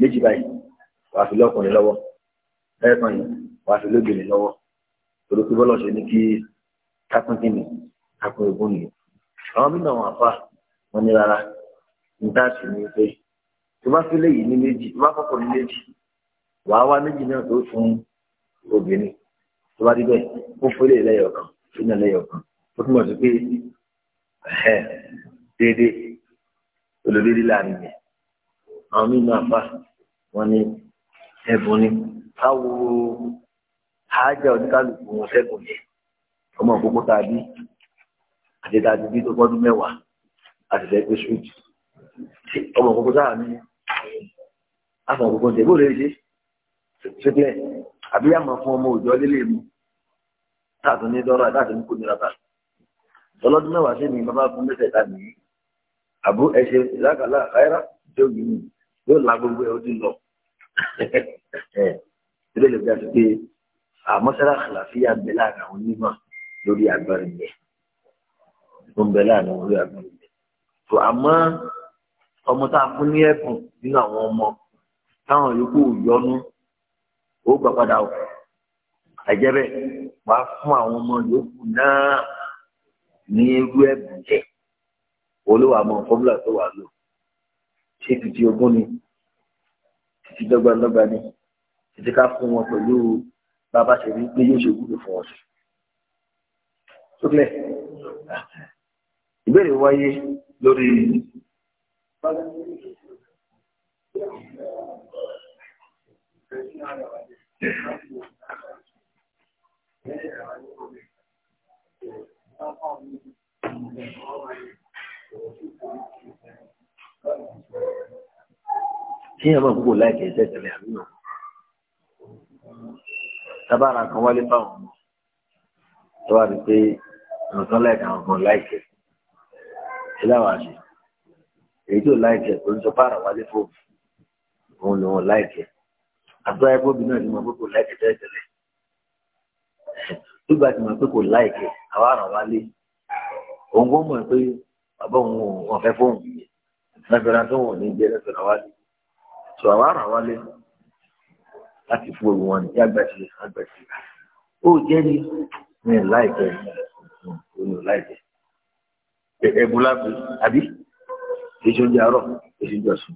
méjì báyìí wàá fi lọ́kùnrin lọ́wọ́ ẹ̀ẹ̀kan yìí wàá fi lóbìnrin lọ́wọ́ torí pé bọ́lọ̀ ṣe ní kí kápẹ́ńtì mi kápẹ́ ogun nìyí àwọn mí náà wọn àfáà wọn ní rárá nígbà tí mo fẹ́ tó bá fi léyìí ní méjì tó bá kọ́kọ́ ní méjì wàá wá méjì náà tó fún obìnrin tó bá díbẹ̀ ó fún ilé lẹ́yọ̀ kan sínú lẹ́yọ̀ kan ó túmọ̀ sí pé déédéé olódéédé láàrin yẹn àwọn mímu apá wọn ní ẹ̀bùn ni káwo àájà oníkálukú wọn sẹ́gun yẹn ọmọ òkókó tá a bí àti tá a ti bí tó gbọ́dún mẹ́wàá àti tẹ́ pé sùúrù ọmọ òkókó tá a ní àfọ̀n òkókó tẹ̀ bó lè ṣe síbẹ̀ àbí àmọ̀ fún ọmọ òjò lílé mu táàtún ní dọ́rọ̀ àti àtúnkù ní rabà ọlọ́dún mẹ́wàá sí ni bàbá fún mẹ́tẹ̀ẹ̀ta nìyí àbú ẹ̀ṣẹ̀ lákàlà àkáyárá tí ó yìí yóò la gbogbo ẹ̀ ó ti lọ ilé ìlú gbàtí pé àmọ́sára àlàáfíà ń bẹ láàrin àwọn onímọ̀ lórí agbára ilẹ̀ ó ń bẹ láàrin àwọn orí agbára ilẹ̀ tó àmọ́ ọmọ tá a fún ní ẹ̀bùn nínú àwọn ọmọ táwọn yòókù yọnu ó gbà padà o àìjẹ́ bẹ́ẹ̀ wàá fún àwọn ọmọ yòókù náà ní irú ẹ̀bùn jẹ́ olówó àmọ́ fọ́múlà tó wà lò ṣé títí ogún ni títí dọ́gbandọ́gba ni títí ká fún wọn pẹ̀lú bàbá ṣe rí pé yóò ṣe gbúdọ̀ fún wọn sí. sókè ìbéèrè wáyé lórí Thank ṣé ẹ máa ń kó láìpẹ́ ẹ̀jẹ̀ tẹ̀lé àbí náà tábàrà kan wálé fáwọn ọmọ tó wà ní pé nǹkan láìka nǹkan láìpẹ́ ṣé láwọn àṣẹ èyí tó láìpẹ́ tó ń sọ fáàrà wálé fóònù òun ni wọn láìpẹ́ àdúrà ẹgbẹ́ obìnrin náà ni mo pé kò láìkẹ́ tẹ́lẹ̀tẹ́lẹ̀ nígbà tí mo pé kò láìkẹ́ àwa ràn wá lé òun kò mọ̀ pé bàbá òun wọn fẹ́ fóun lẹ́fẹ̀ẹ́ra tó wọ̀n ní jẹ́ lẹ́fẹ̀ẹ́ra wá lé sọ àwa ràn wá lé láti fún òun wọn ní àgbàṣe àgbàṣe ó jẹ́ ní mi ò láìkẹ́ mi ò láìkẹ́ ẹ̀ẹ́dẹ́gbọ́n lábẹ́ àbí èso ń jẹ àárọ̀ èso ń jẹ ọ̀sán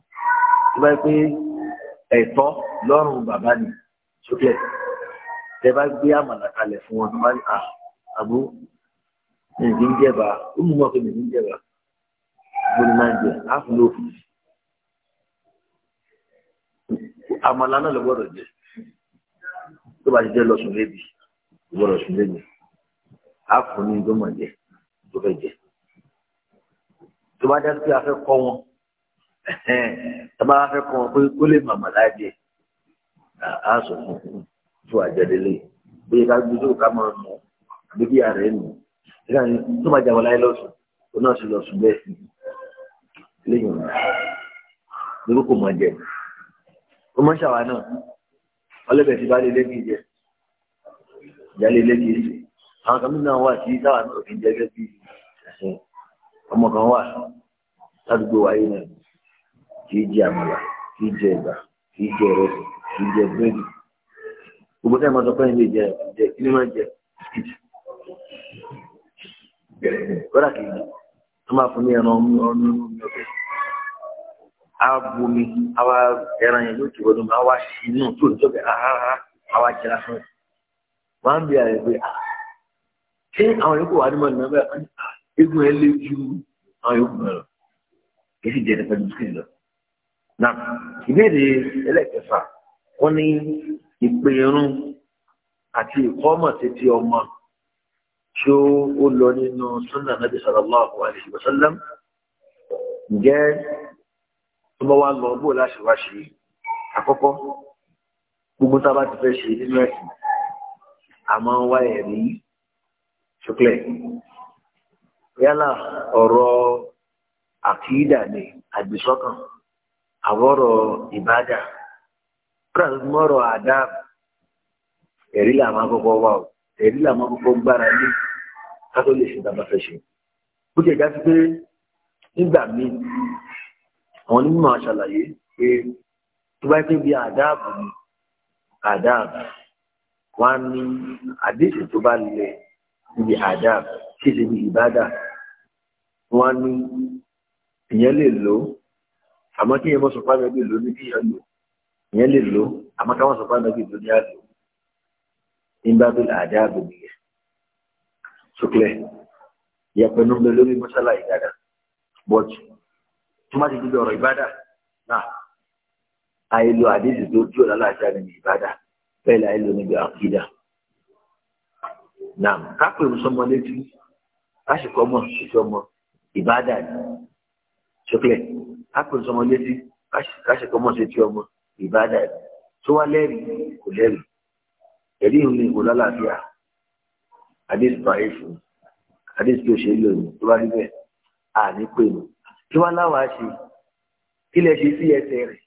ìgbà pé ẹ̀tọ́ lọ́rùn bàbá ni sókè tẹ bá gbé àmàlà kalẹ̀ fún wọn tó bá ní ah, àbú nìyí ń jẹba ó mú wọn pé nìyí ń jẹba gbóni máa ń jẹ áàfù ló fi àmàlà náà ló gbọ́dọ̀ jẹ tó bá ti jẹ lọ sùn lébi ló gbọ́dọ̀ sùn lébi áàfù ní gbọmọ jẹ tó fẹ́ jẹ tó bá dá sí afẹ kọ wọn tọ́ba wá fẹ́ kọ́ wọn pé kó lè màmá láàjẹ á sọ fún un tó àjẹdẹ́lẹ̀ bóyá ká gbé sóò ká máa mú àbí bí ààrẹ nù nígbà tó máa jà wọ́n láyé lọ́sùn ó náà sì lọ́sùn bẹ́ẹ̀ sí lẹ́yìn ọ̀nà lórí kò máa jẹ ó máa ṣàwá náà ọlẹ́bẹ̀ tí bá lé lé kìí jẹ ìyá lé lé kìí sè àwọn kan nínú wà sí táwa náà jẹ gẹ́gẹ́ bí ọmọ kan wà ládùúgbò wáyé náà. ka iji e amala ka e e iji ẹ̀bà ka iji ẹ̀rẹsì ka iji búrẹ́dì gbogbo táyà a sọ pé ẹni jẹ jẹ kí ni máa jẹ bisikíìtì kódà kì í tó máa fún ní ẹran ọmọ mi ọbẹ̀ á bomi àwa ẹran awa ma ele ju esi na ìbéèrè ẹlẹ́kẹfà wọ́n ní ìpè irun àti ìkọ́mọ̀ títí ọmọ tí ó lọ nínú sunna nabi sallallahu alayhi wa sallam ǹjẹ́ tó bá wá lọ bó láṣẹ wá ṣe àkọ́kọ́ gbogbo tá a bá ti fẹ́ ṣe nínú ẹ̀sìn àmọ́ wá ẹ̀rí ṣùkúlẹ̀ yálà ọ̀rọ̀ àkìídà ni àgbésọ́kàn àwọ̀rọ̀ ìbádà kúrọ̀mọ́rọ̀ àdáàbò ẹ̀rí làwọn akọ́kọ́ wà ó ẹ̀rí làwọn akọ́kọ́ gbára lé kátó lè ṣe dábàá fẹ́ṣẹ̀ bó ti ẹ̀dá sí pé nígbà míì àwọn onímọ̀ àṣàlàyé pé tó bá pé bí àdáàbò ni àdáàbò wọn ní àdéhùn tó bá lẹ níbi àdáàbò ṣèṣe ní ìbádà wọn ní ìyẹn lè lò ó àmọ́ kí yẹn mọ́ sọ fáwọn ẹbí lò ní kí yẹn lò yẹn lè lò àmọ́ káwọn sọ fáwọn ẹbí lò ní àlò nígbàdùn àdá àgbègbè yẹn sókèlè yẹpẹ ló ń lórí mọ́sálà ìdáda bọ́ọ̀tù tó má ti di ọ̀rọ̀ ìbádà náà àìlò àdéhùn tó dúró lálàáfíà nínú ìbádà bẹ́ẹ̀ láì lò níbi àkídà náà kápẹ́ ìmùsọ́mọ létí lásìkò ọmọ ìṣọmọ ìbádà ni ápùn sọmọ létí káṣẹkọ mọ sí ti ọmọ ìbáàdà tó wá lẹ́rìí kò lẹ́rìí ẹ̀rí ìhun ni kò lálàáfíà àdéhùn pàrẹ fún àdéhùn tí ó ṣe lò ní tó bá rí bẹ́ẹ̀ àní pè ní kí wá láwàá ṣe kí lẹ ṣe sí ẹsẹ̀ rẹ̀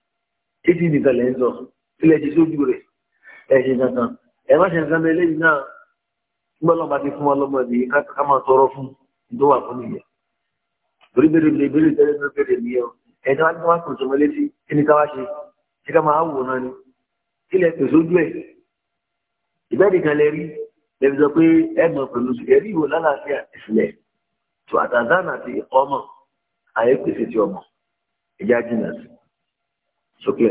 títí nìkan lẹ ń sọ kí lẹ ṣe sójú rẹ̀ ẹ ṣe kankan ẹ má ṣe nǹkan bẹ lẹ́yìn náà gbọ́dọ̀ bá ti fún wa lọ́mọ ẹ̀mí ká máa tọrọ fún tó wà fún nìyẹn torí bèrè bèrè bèrè bèrè bèrè nìyẹn o ẹ̀dá wọn wá pèsè ọmọ létí kí ni ká wá ṣe kí ká máa wò náà ni kí lẹ pèsè ojú ẹ̀ ìbẹ́ẹ̀dì kan lẹ rí lẹ́bi sọ pé ẹ mọ̀ pẹ̀lú ẹ̀rí ìwò lálàáfíà ìsìlẹ̀ tó àtàzán àti ọmọ àyè pèsè ti ọmọ ẹ̀já jìnnà sí sókè.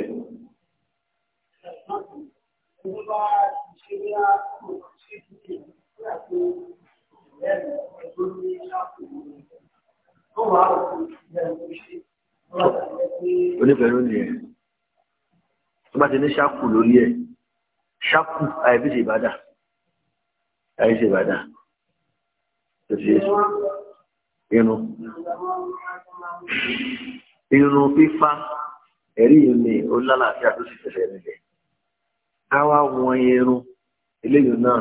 Thank onífẹ̀ẹ́ lónìí ẹ̀ tó bá ti ní ṣákù lórí ẹ̀ ṣákù àìbíṣe ìbádà àìṣe ìbádà tó ṣe irun irun fífá ẹ̀rí yìí ni ó lálàáfíà tó sì fẹsẹ̀ nílẹ̀ káwá wọn irun eléyìí náà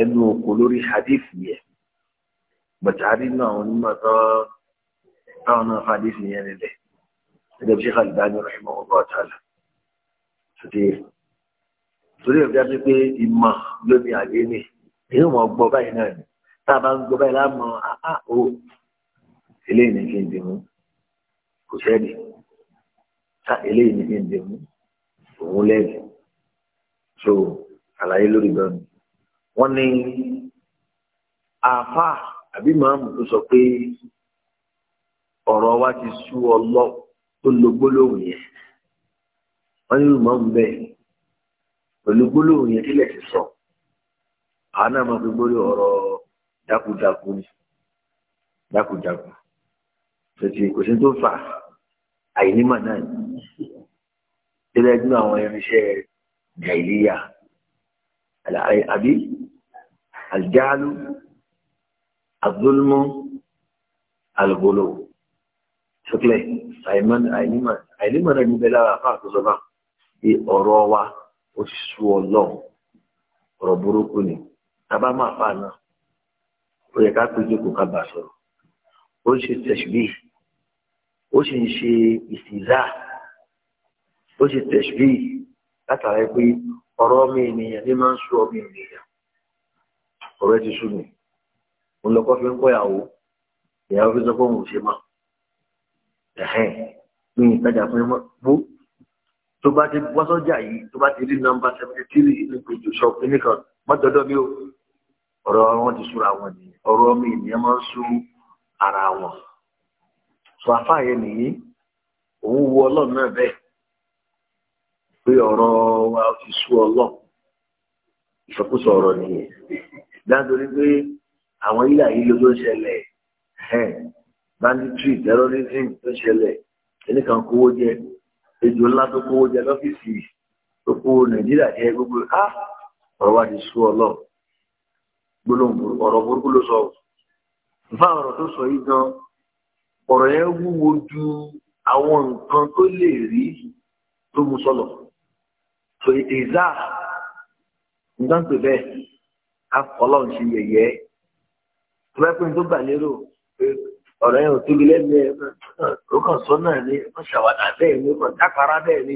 ẹnu òkú lórí hadith yẹ bàtà rí náà onímọ̀ táwọn náà fàdí sí yẹn nílẹ̀ gẹ́gẹ́ bí Sheikh Al-Albani rahimahullah ta'ala sọtí torí ẹ̀fọ́ jáde pé ìmọ̀ lómi àgbé ni èyí wọn gbọ́ báyìí náà ni tá a bá ń gbọ́ báyìí láàmú àá o eléyìí ni kí n dì mú kò sẹ́ni ọ̀rọ̀ wa ti sú ọlọ́ tó lo gbólóhùn yẹn wọ́n ní ìmọ̀ ń bẹ̀ pẹ̀lú gbólóhùn yẹn kílẹ̀ ti sọ àwọn náà máa fi gbólóhùn ọ̀rọ̀ jákujáku jákujáku tètè kò sí tó fà àìnímọ̀ náà tẹ́lẹ̀ nínú àwọn irinṣẹ́ gàìlíyà àbí àjálù àdúlmọ́ àlùbọ́lọ́wọ́ ṣùgbọ́n àìnímọ̀ àìnímọ̀ náà níbẹ̀ lára àfáà tó sọ náà pé ọ̀rọ̀ wa ó sì sú ọlọ́run ọ̀rọ̀ burúkú ni tábà máa fà náà ó yẹ ká péjú kò ká bà sọ̀rọ̀ ó ṣe tẹ̀síbí ó sì ń ṣe ìsìnzá ó ṣe tẹ̀síbí látara pé ọ̀rọ̀ ọmọ ènìyàn ní máa ń sú ọmọ ènìyàn ọ̀rọ̀ ti sú mi òun lọ́kọ́ fi ń kọ́ ìyàwó ìyàwó fi sọ pé òun ṣe máa ẹ̀hẹ́n mi ìtajà fún ẹmọ bó tó bá ti wá sọ́jà yìí tó bá ti rí nọ́mbà seventy three ní gbèjò sọ kíníkan mọ́tọ́dọ́ mi ò ọ̀rọ̀ wọn ti súra wọn nìyẹn ọ̀rọ̀ mi ìyẹn máa ń sú ara wọn sọ afáàyẹ nìyí òun wu ọlọ́run náà bẹ́ẹ̀ pé ọ̀rọ̀ wa ti sú ọlọ́run ìṣọkúsọ ọ̀rọ̀ nìyẹn dáńtorí pé àwọn ilé àyè ló ń ṣẹlẹ̀ banditry terrorism tó ṣẹlẹ̀ ẹni kan kówó jẹ ejò ńlá tó kówó jẹ lọ́fíìsì tó kówó nàìjíríà jẹ gbogbo a ah! ọ̀rọ̀ wa ti sú ọ lọ ọ̀rọ̀ burúkú ló sọ nfa ọ̀rọ̀ tó sọ yìí gan ọ̀rọ̀ yẹn wúwo ju àwọn nǹkan tó lè rí tó mú sọlọ so ètè nǹkan pè bẹ́ẹ̀ afọlọ́run ṣe yẹ̀yẹ́ tó bá pín in tó gbà lérò pé ọ̀rọ̀ yẹn ò tóbi lẹ́nu ẹ̀ ó kàn sọ náà ni ó ṣàwádà bẹ́ẹ̀ ni ó kàn dápara bẹ́ẹ̀ ni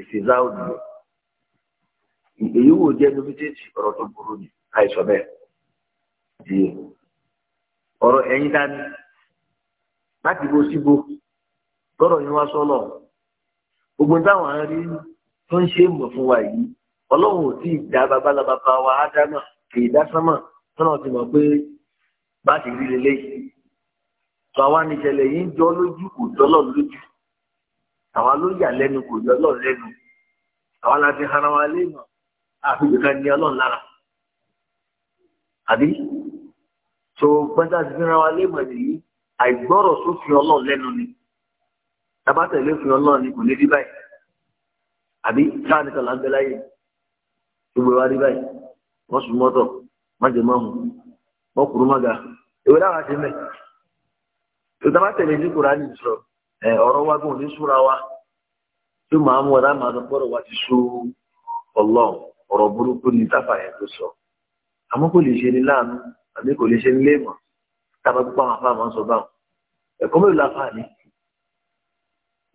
ìsìnzá ò nìyẹn. èyí wò jẹ́ ní méjèèjì ọ̀rọ̀ tó burú ni àìsàn bẹ́ẹ̀ di ọ̀rọ̀ ẹ̀yin dání láti bo síbo lọ́rọ̀ yẹn wá sọ́nà gbogbo táwọn arí tó ń ṣe mọ̀ fún wa yìí ọlọ́run ò tí ì dá babalábàbá wa ádámà kì í dá sánmà tọ́nà ti mọ̀ pé bá ti rí lélẹ́yìí tó àwa nìṣẹ̀lẹ̀ yìí ń jọ lójú kò jọ lọ́run lójú àwa ló yà lẹ́nu kò jọ lẹ́nu àwa la fi hara wa léèmọ̀ àfi ìkan ní ọlọ́run lára àbí tó gbọ́dá ti fi hara wa léèmọ̀ nìyí àìgbọ́rọ̀ sófin ọlọ́run lẹ́nu ni tabatẹ̀lé òfin ọlọ́run ni kò ní rí báyìí àbí sáà nìkan là ń bẹ láyé gbogbo wa rí báyìí wọ́n sùn mọ́tò májèmọ́mù wọ́n kúrú mága èwe dáhà sí mẹ́ẹ̀ tó tá bá tẹ̀lé ní kúránì sọ ọ̀rọ̀ wa gùn ní súra wa tó máa mú ọ̀dà máa dọ́gbọ́rọ̀ wa ti sú ọlọ́run ọ̀rọ̀ burúkú ni táfà yẹn tó sọ àmọ́ kò lè ṣe ní láàánú àbí kò lè ṣe ní léèmọ̀ tábà pípa àwọn afáàmọ́ sọ báwọn ẹ̀kọ́ mélòó la fáà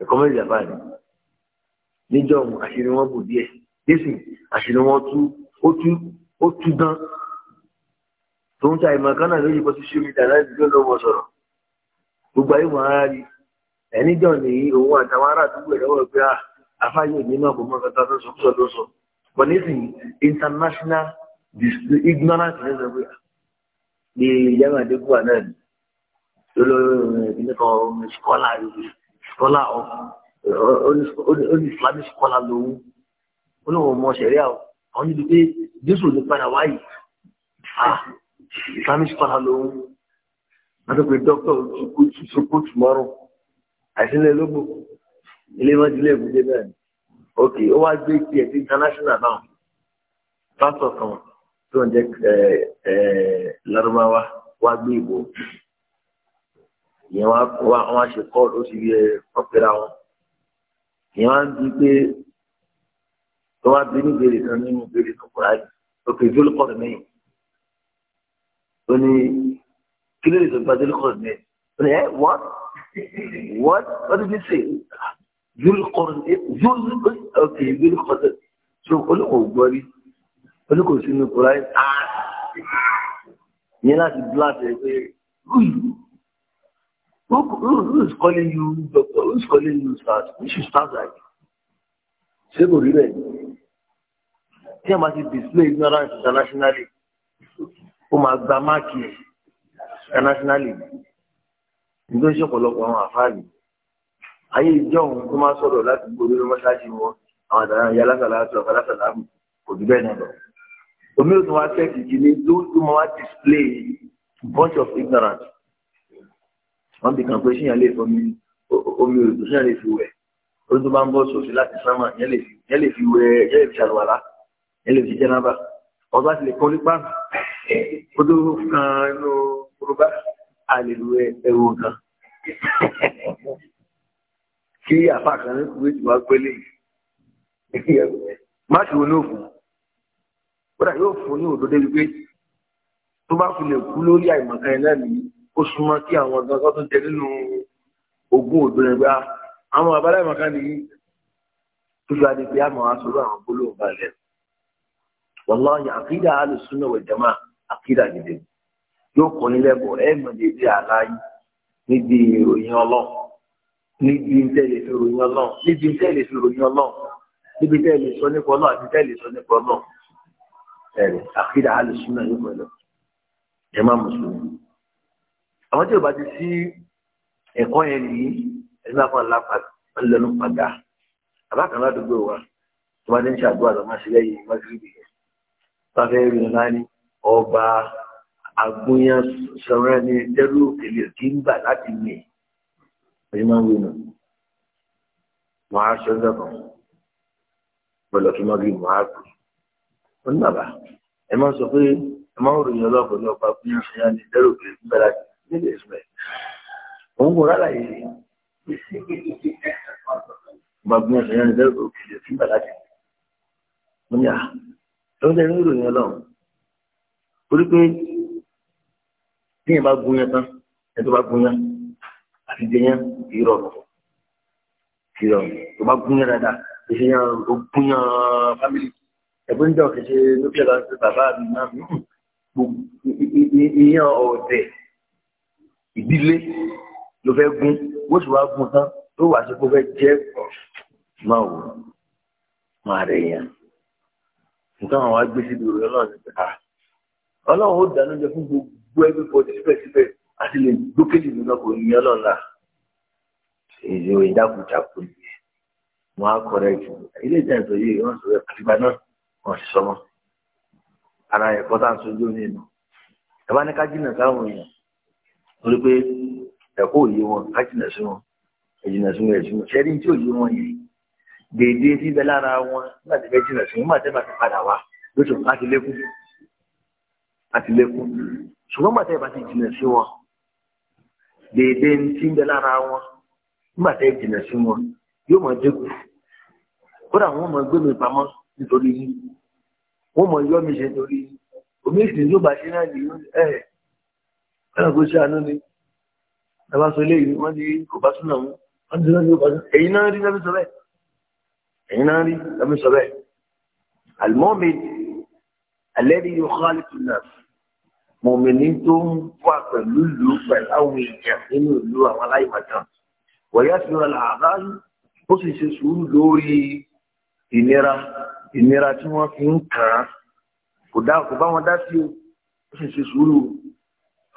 ẹ̀kọ́ mélòó la fáà níjọ́ òun àṣírí wọn bù díẹ̀ nísìn àṣírí wọn tú ó tú ó tú dán tó ń ta ìmọ̀ kan náà lóyìnbó sí ṣé mi dà láti gbogbo ayé wọn á rí ẹni jọ ní òun àtàwọn ará àdúgbò ẹ̀rọ wọ̀ pé àfáyé ah, òní náà kò mọ kẹta tó sọ tó sọ but nísìnyí international ignorance ní sọ pé ní yẹn àdékùwà náà ni olórí nìkan scholar scholar of oní islamic scholar lòun olóhùn ọmọ sẹ̀ríà àwọn níbi pé jésù ní padà wáyé ah, islamic scholar lòun àtọ́pẹ́ dókítà ṣokoṣù márùn àìsílẹ̀ lógbò ilé wọn dilé ìbújẹ náà ni ok ó wá gbé tiẹ̀ sí international náà pásọ̀ kan tó ń jẹ́ Lárúbáwá wá gbé ìbò ìyẹn wọn á ṣe kọ́ọ̀lù ó sì yẹ ọ̀pẹ̀rẹ̀ àwọn ìyẹn wọn á di pé tó wá bí ní ìbéèrè kan nínú ìbéèrè tó kọ́ láyé ok ìdúró kọ́ mi ó ní kí ló lè sọ gba Dhul-Qarnayn ẹ eh, what what what did you say Dhul-Qarnayn okay Dhul-Qarnayn so olùkọ́ gbọ́rí olùkọ́ sínú kura ẹ̀ tààrà yẹn láti blast ẹ pé who is calling you doctor who is calling you stars we should start like ṣé kò rí bẹ́ẹ̀ tí a máa ti display ignorance internationally Oh, my gba máàkì internationally nítorí ṣe ọ̀pọ̀lọpọ̀ àwọn àfáàlì ayé ìjọhún tó máa sọ̀rọ̀ láti gbòòrò ló mọ́ṣáláṣí wọn àwọn àtàrà ìyá lásàlá àti ọ̀gá lásàlá kò jù bẹ́ẹ̀ náà lọ. omi ò tún wá tẹ́kì kí ni tó tó máa wá display bunch of ignorance. wọ́n bì kan pé ṣíyàn lè fọmi omi òdò ṣíyàn lè fi wẹ̀ ó tó bá ń bọ́ sòsì láti sánmà yẹn lè fi wẹ̀ yẹn lè fi ṣàlùwàlá yẹn lè fi jẹ́ náà bá ọba ti lè kọ́ kúrúbá àlèlú ẹ̀rù kan kí àfa kan ní kúwé tí wàá gbélé máàkì wo ní òfin kódà yóò fún ní òdodo wípé tó bá fi lè kú lórí àìmọ̀kan ẹ̀ náà nìyí ó súnmọ́ kí àwọn ọ̀dọ́ kan tó jẹ nínú ogún òdo rẹ̀ gbá ah, àwọn àbálá ìmọ̀kan nìyí tó fi adé pé àmọ́ aṣọ́rọ̀ àwọn gbólóhùn balẹ̀ wàláhì àkídà alùsùnà wal jamaa àkídà gidi yóò kọ́ nílẹ̀ bọ̀ ẹ mọ̀ débi àlàyé níbi ìròyìn ọlọ́run níbi tẹ́lẹ̀ fi ròyìn ọlọ́run níbi tẹ́lẹ̀ fi ròyìn ọlọ́run níbi tẹ́lẹ̀ sọ nípa ọlọ́run àti tẹ́lẹ̀ sọ nípa ọlọ́run ẹ̀rẹ̀ àkídà alùsùnà yóò pẹ̀lú ẹ̀ má mùsùlùmí. àwọn tí ò bá ti sí ẹ̀kọ́ yẹn nìyí ẹ̀ náà fún ọlọ́nu padà àbá ládùúgbò wa tó bá ní ṣàdúrà lọ́mọ àgbóyan sọ̀rọ̀ ni tẹ́lú òkèlè kí ń gbà láti mì ẹ̀yìn máa ń wí nù. Màá aṣọ dọ̀kan pẹ̀lọ́ kí mọ́gì màá kù. Ó ní bàbá ẹ máa sọ pé ẹ máa ń ròyìn ọlọ́pàá ní ọ̀pá bí ní tẹ́lú òkèlè kí ń gbà láti nílé ìsúnmẹ̀. Òun kò rálá yìí. Bàbá bí wọ́n ní tẹ́lú òkèlè kí ń gbà láti. Mo tí yẹn bá gúnyán tán ẹni tó bá gúnyán àti jẹyán ìrọ̀rùn ìrọ̀rùn tó bá gúnyán dáadáa kì í ṣe yàn ó gúnyán fámìlì ẹgbẹ́ ń jọ kì í ṣe nuclear cancer bàbá mi náà ìyàn ọ̀dẹ̀ ìdílé ló fẹ́ gún bó sì wá gún tán tó wà sí kó fẹ́ jẹ́ ọ̀ máa wò máa rẹ̀ yàn nǹkan àwọn agbésí lórí ọlọ́run ah, ọlọ́run ó dáná jẹ fún gbogbo gbọ́ everybody síbẹ̀síbẹ̀ àti lè gbókè nínú náà kò ní ọlọ́la èyí ò ìdákùjákù yìí wọn á kọ rẹ jù ilé ìjà ìtọ́ yìí wọn sọ rẹ kàtìgbà náà wọn sì sọmọ ara ẹ̀kọ́ tá à ń sojú ní ìlú ẹ̀bá ní kájínà sáwọn èèyàn torí pé ẹ̀kọ́ òye wọn kájínà sí wọn ẹ̀jìnà sí wọn ẹ̀jìnà sẹ́ni tí òye wọn yìí dèédé síbẹ̀ lára wọn nígbà tí ẹ̀jìnà sí wọn nígbà tí ẹ̀ bá ti padà wá lóṣù láti lékún láti ṣùgbọ́n gbàtẹ́ ìbá ti jìnà sí wọn dèédé tí ń bẹ lára wọn gbàtẹ́ ìjìnà sí wọn yóò mọ dínkù kódà wọn mọ gbé mi pamọ́ nítorí yín wọn mọ yọ mi ṣe nítorí yín omi ìsìn yóò bá ṣe náà ní ẹ ẹ ẹnà kó ṣe àánú ni ẹ bá sọ eléyìí wọn ní kò bá súnà mú wọn ní sọ bá súnà ẹyin náà rí lẹbi sọ bẹ́ẹ̀ ẹyin náà rí lẹbi sọ bẹ́ẹ̀ alimọ́mi alẹ́ ni yóò kọ́ àlùkò náà mọ̀mìnì tó ń wà pẹ̀lú ìlú pẹ̀lú àwọn èèyàn nínú ìlú àwọn aláìmọ̀tàn wọ̀yá sí wọn làbá ó sì ṣe sùúrù lórí ìnira ìnira tí wọ́n fi ń kàn án kò dá kò bá wọn dá sí o ó sì ṣe sùúrù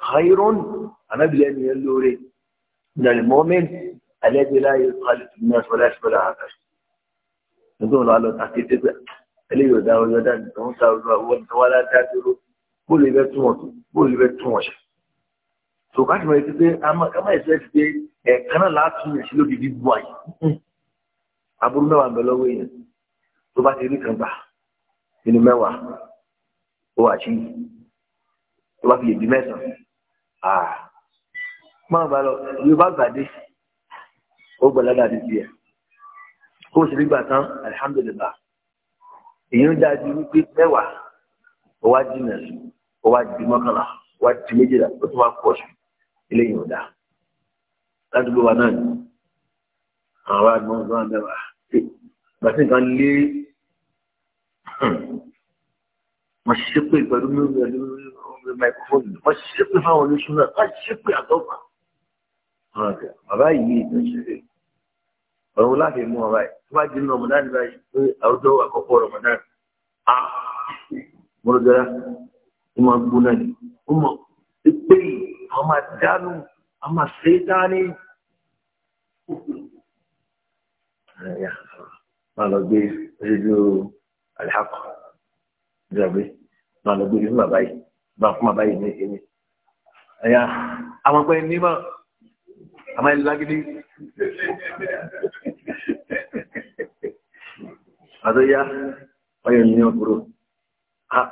hayrun anábìlẹ̀ nìyẹn lóore ìdàlẹ̀ mọ́mìn alẹ́gbẹ̀lá yóò tó tó ní ọ̀sán láti fẹ́lá nítorí wọn lọ tàkété pé eléyìí ọ̀dà nìkan ń ta ọ̀dọ́ bó lè fẹ́ tún wọn tó bó lè fẹ́ tún wọn ṣe. tòkà tí mo ti pé kámá ìṣe ti pé ẹ̀ẹ̀kan náà láti yàn sí lóde bí bu àyè aburú mẹ́wàá bẹ̀ lọ́wọ́ èèyàn tó bá ti rí kan gbà nínú mẹ́wàá ó wà sí tó bá fi lè di mẹ́sàn-án máa bá lọ yorùbá gbàdé ó gbọ́dọ̀ dàbí tiẹ̀ kó o sì rí gbà tán alihamudulilayi èyí ń dájú wípé mẹ́wàá ó wá jìnà sí ó wá di mọ́kànlá ó wá di méjìlá ó tún wá pọ̀ sí eléyìí ò dáa ládùúgbò wa náà ni àwọn ará àgbọn ọdún àbẹwà bàtí nǹkan lé wọ́n ṣépè pẹ̀lú máikrófóònù wọ́n ṣépè fáwọn oníṣúná wọ́n ṣépè àtọ́fà bàbá yìí ìtẹ̀sẹ̀rẹ̀ ọ̀run láti mú ọ̀rá ẹ̀ tó bá jẹ́ ní ọmọdé báyìí pé àwùjọ àkọ́kọ́ ọmọdé ah mọ́rọ́gá ni wọ́n gbóná ni wọ́n mọ̀ pé àwọn máa dánú àwọn máa ṣe é dání. máa lọ gbé rédíò alihakọ ìjọba máa lọ gbé fún bàbá yìí máa fún bàbá yìí ní èmi. ẹ̀yà àwọn ọ̀pẹ ní mọ̀ àwọn ẹ̀lú lágídí. àtọ́yá ọyọ̀ ní ọkùnrin.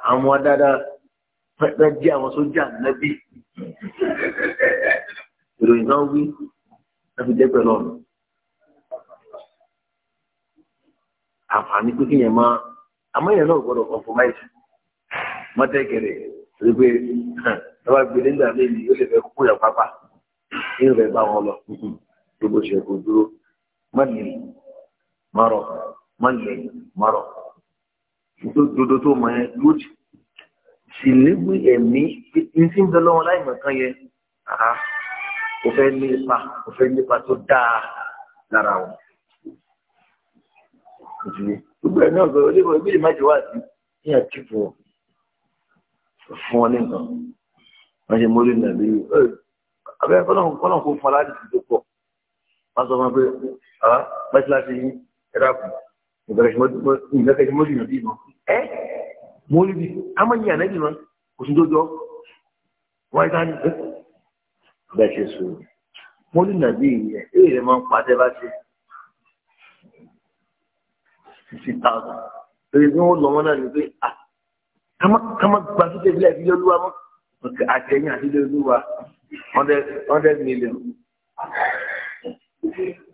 àwọn dáadáa fẹ́ jẹ́ àwọn sójà nẹ́bí ìròyìn náà wí láti jẹ́ pẹ̀lú ọ̀nà. àǹfààní pé náà gbọ́dọ̀ compromise mọ́tẹ́kẹ̀rẹ̀ rí pé lọ́wọ́ gbélé ńlá lẹ́yìn yóò lè fẹ́ yà pápá bá wọn lọ gbogbo ṣe kò dúró dodo tó mọ̀ yẹn good sì léwu ẹ̀mí ní tí ń bẹ lọ́wọ́ láì mọ̀ kan yẹn àá kò fẹ́ ní ipa kò fẹ́ ní ipa tó dáa lára wọn. gbogbo ẹ̀ náà gbọ́dọ̀ lébọ̀ ibi ìmájú wà sí ní àtìpọ̀ fún ọ ní nǹkan wọ́n ṣe mórí nàbí abẹ́ kọ́nà kó fún aláàdì tó pọ̀ wọ́n sọ fún pé mẹ́tíláṣí ẹ̀dá kù ìgbàkẹ́sí mọ́tì nàbí ìmọ̀ mọ́lìdì amọ̀yìn ànábì wọn kò sí dójọ́ wọ́n ká ní bẹ́ẹ̀ ṣe sọ mọ́lìdì nàbí yẹn èyí rẹ̀ máa ń pa tẹ́ bá ṣe fifty thousand èyí tí wọ́n lọ wọn náà ní pé ah kama gba sí tẹ̀sílẹ̀ ìdílé olúwa mọ́ àtẹ̀yìn àti ìdílé olúwa hundred hundred million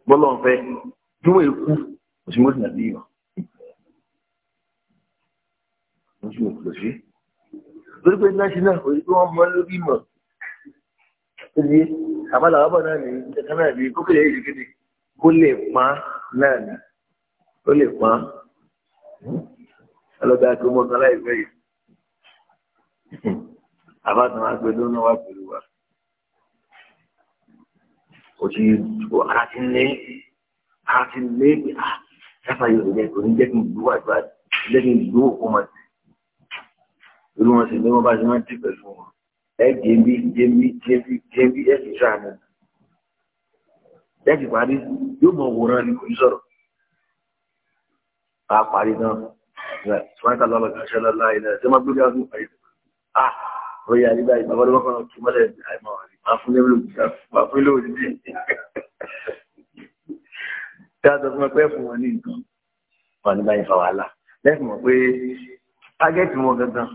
bọ́lọ̀ ọ̀fẹ́ tí wọ́n èkú kò sí mọ́lìdì nàbí yẹn. ojú òkúlọ̀ sí lórí pé national òye pé wọ́n mọ lórí ìmọ̀ tó di àbálà àbọ̀ náà ní ìjọba náà ní kókèlè èyí kéde kó lè pa náà ní ó lè pa ọlọ́dà tó mọ̀ kan láìpẹ́ yìí àbátan agbẹ̀dọ́ náà wà pẹ̀lú wa ó ti ara ti ní ara ti ní pé ah sáfà yóò lè jẹ́ ní jẹ́ kí n gbó àgbà jẹ́ kí n gbó òkú máa tẹ̀ irú wọn sì ní wọn bá ṣe máa ń dé pẹ̀lú wọn ẹ jẹ́bi jẹ́bi jẹ́bi jẹ́bi ẹ sì ṣáà nù ẹ sì parí yóò mọ òwòrán ni kò ní sọ̀rọ̀ a parí náà sọ́ńtà lọ́lọ́ kan ṣẹlẹ̀ láì náà ṣé máa gbélé ọdún parí a oyè àdìgbà yìí bàbá ọdún kan kì í mọ́lẹ̀ àìmọ́ àá fún lẹ́wọ̀n àá fún lẹ́wọ̀n dídí dáadọ́ fún ẹgbẹ́ fún wọn ní nǹkan wọn ní báyìí fa wàhálà lẹ́sìn mọ̀ pé tágẹ́tì wọn gangan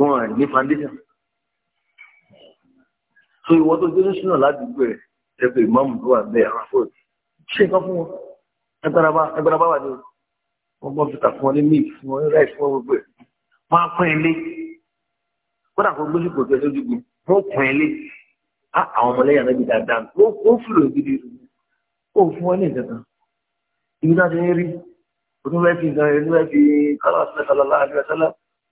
wọn ní foundation so ìwọ tó gbé sínú ládùúgbò ẹ ẹgbẹ ìmọ̀mù tó wà bẹ́ẹ̀ àwọn afọ ṣe nǹkan fún wọn agbára bá wà ní wọn gbọ́n fi tàkùn wọn ní mílì fún wọn ní ráì fún wọn gbogbo ẹ wọn á pín ilé kódà kó gbé sípò tó lójú gbé wọn pín ilé á àwọn ọmọlẹ́yìn anábì dáadáa ó fìlò gidi ó fún wọn ní ìjọba ibi ti ń rí oníwẹ́ẹ̀fì gan-an oníwẹ́ẹ̀fì kálá sílẹ̀ kálá láàrin ọ̀sálà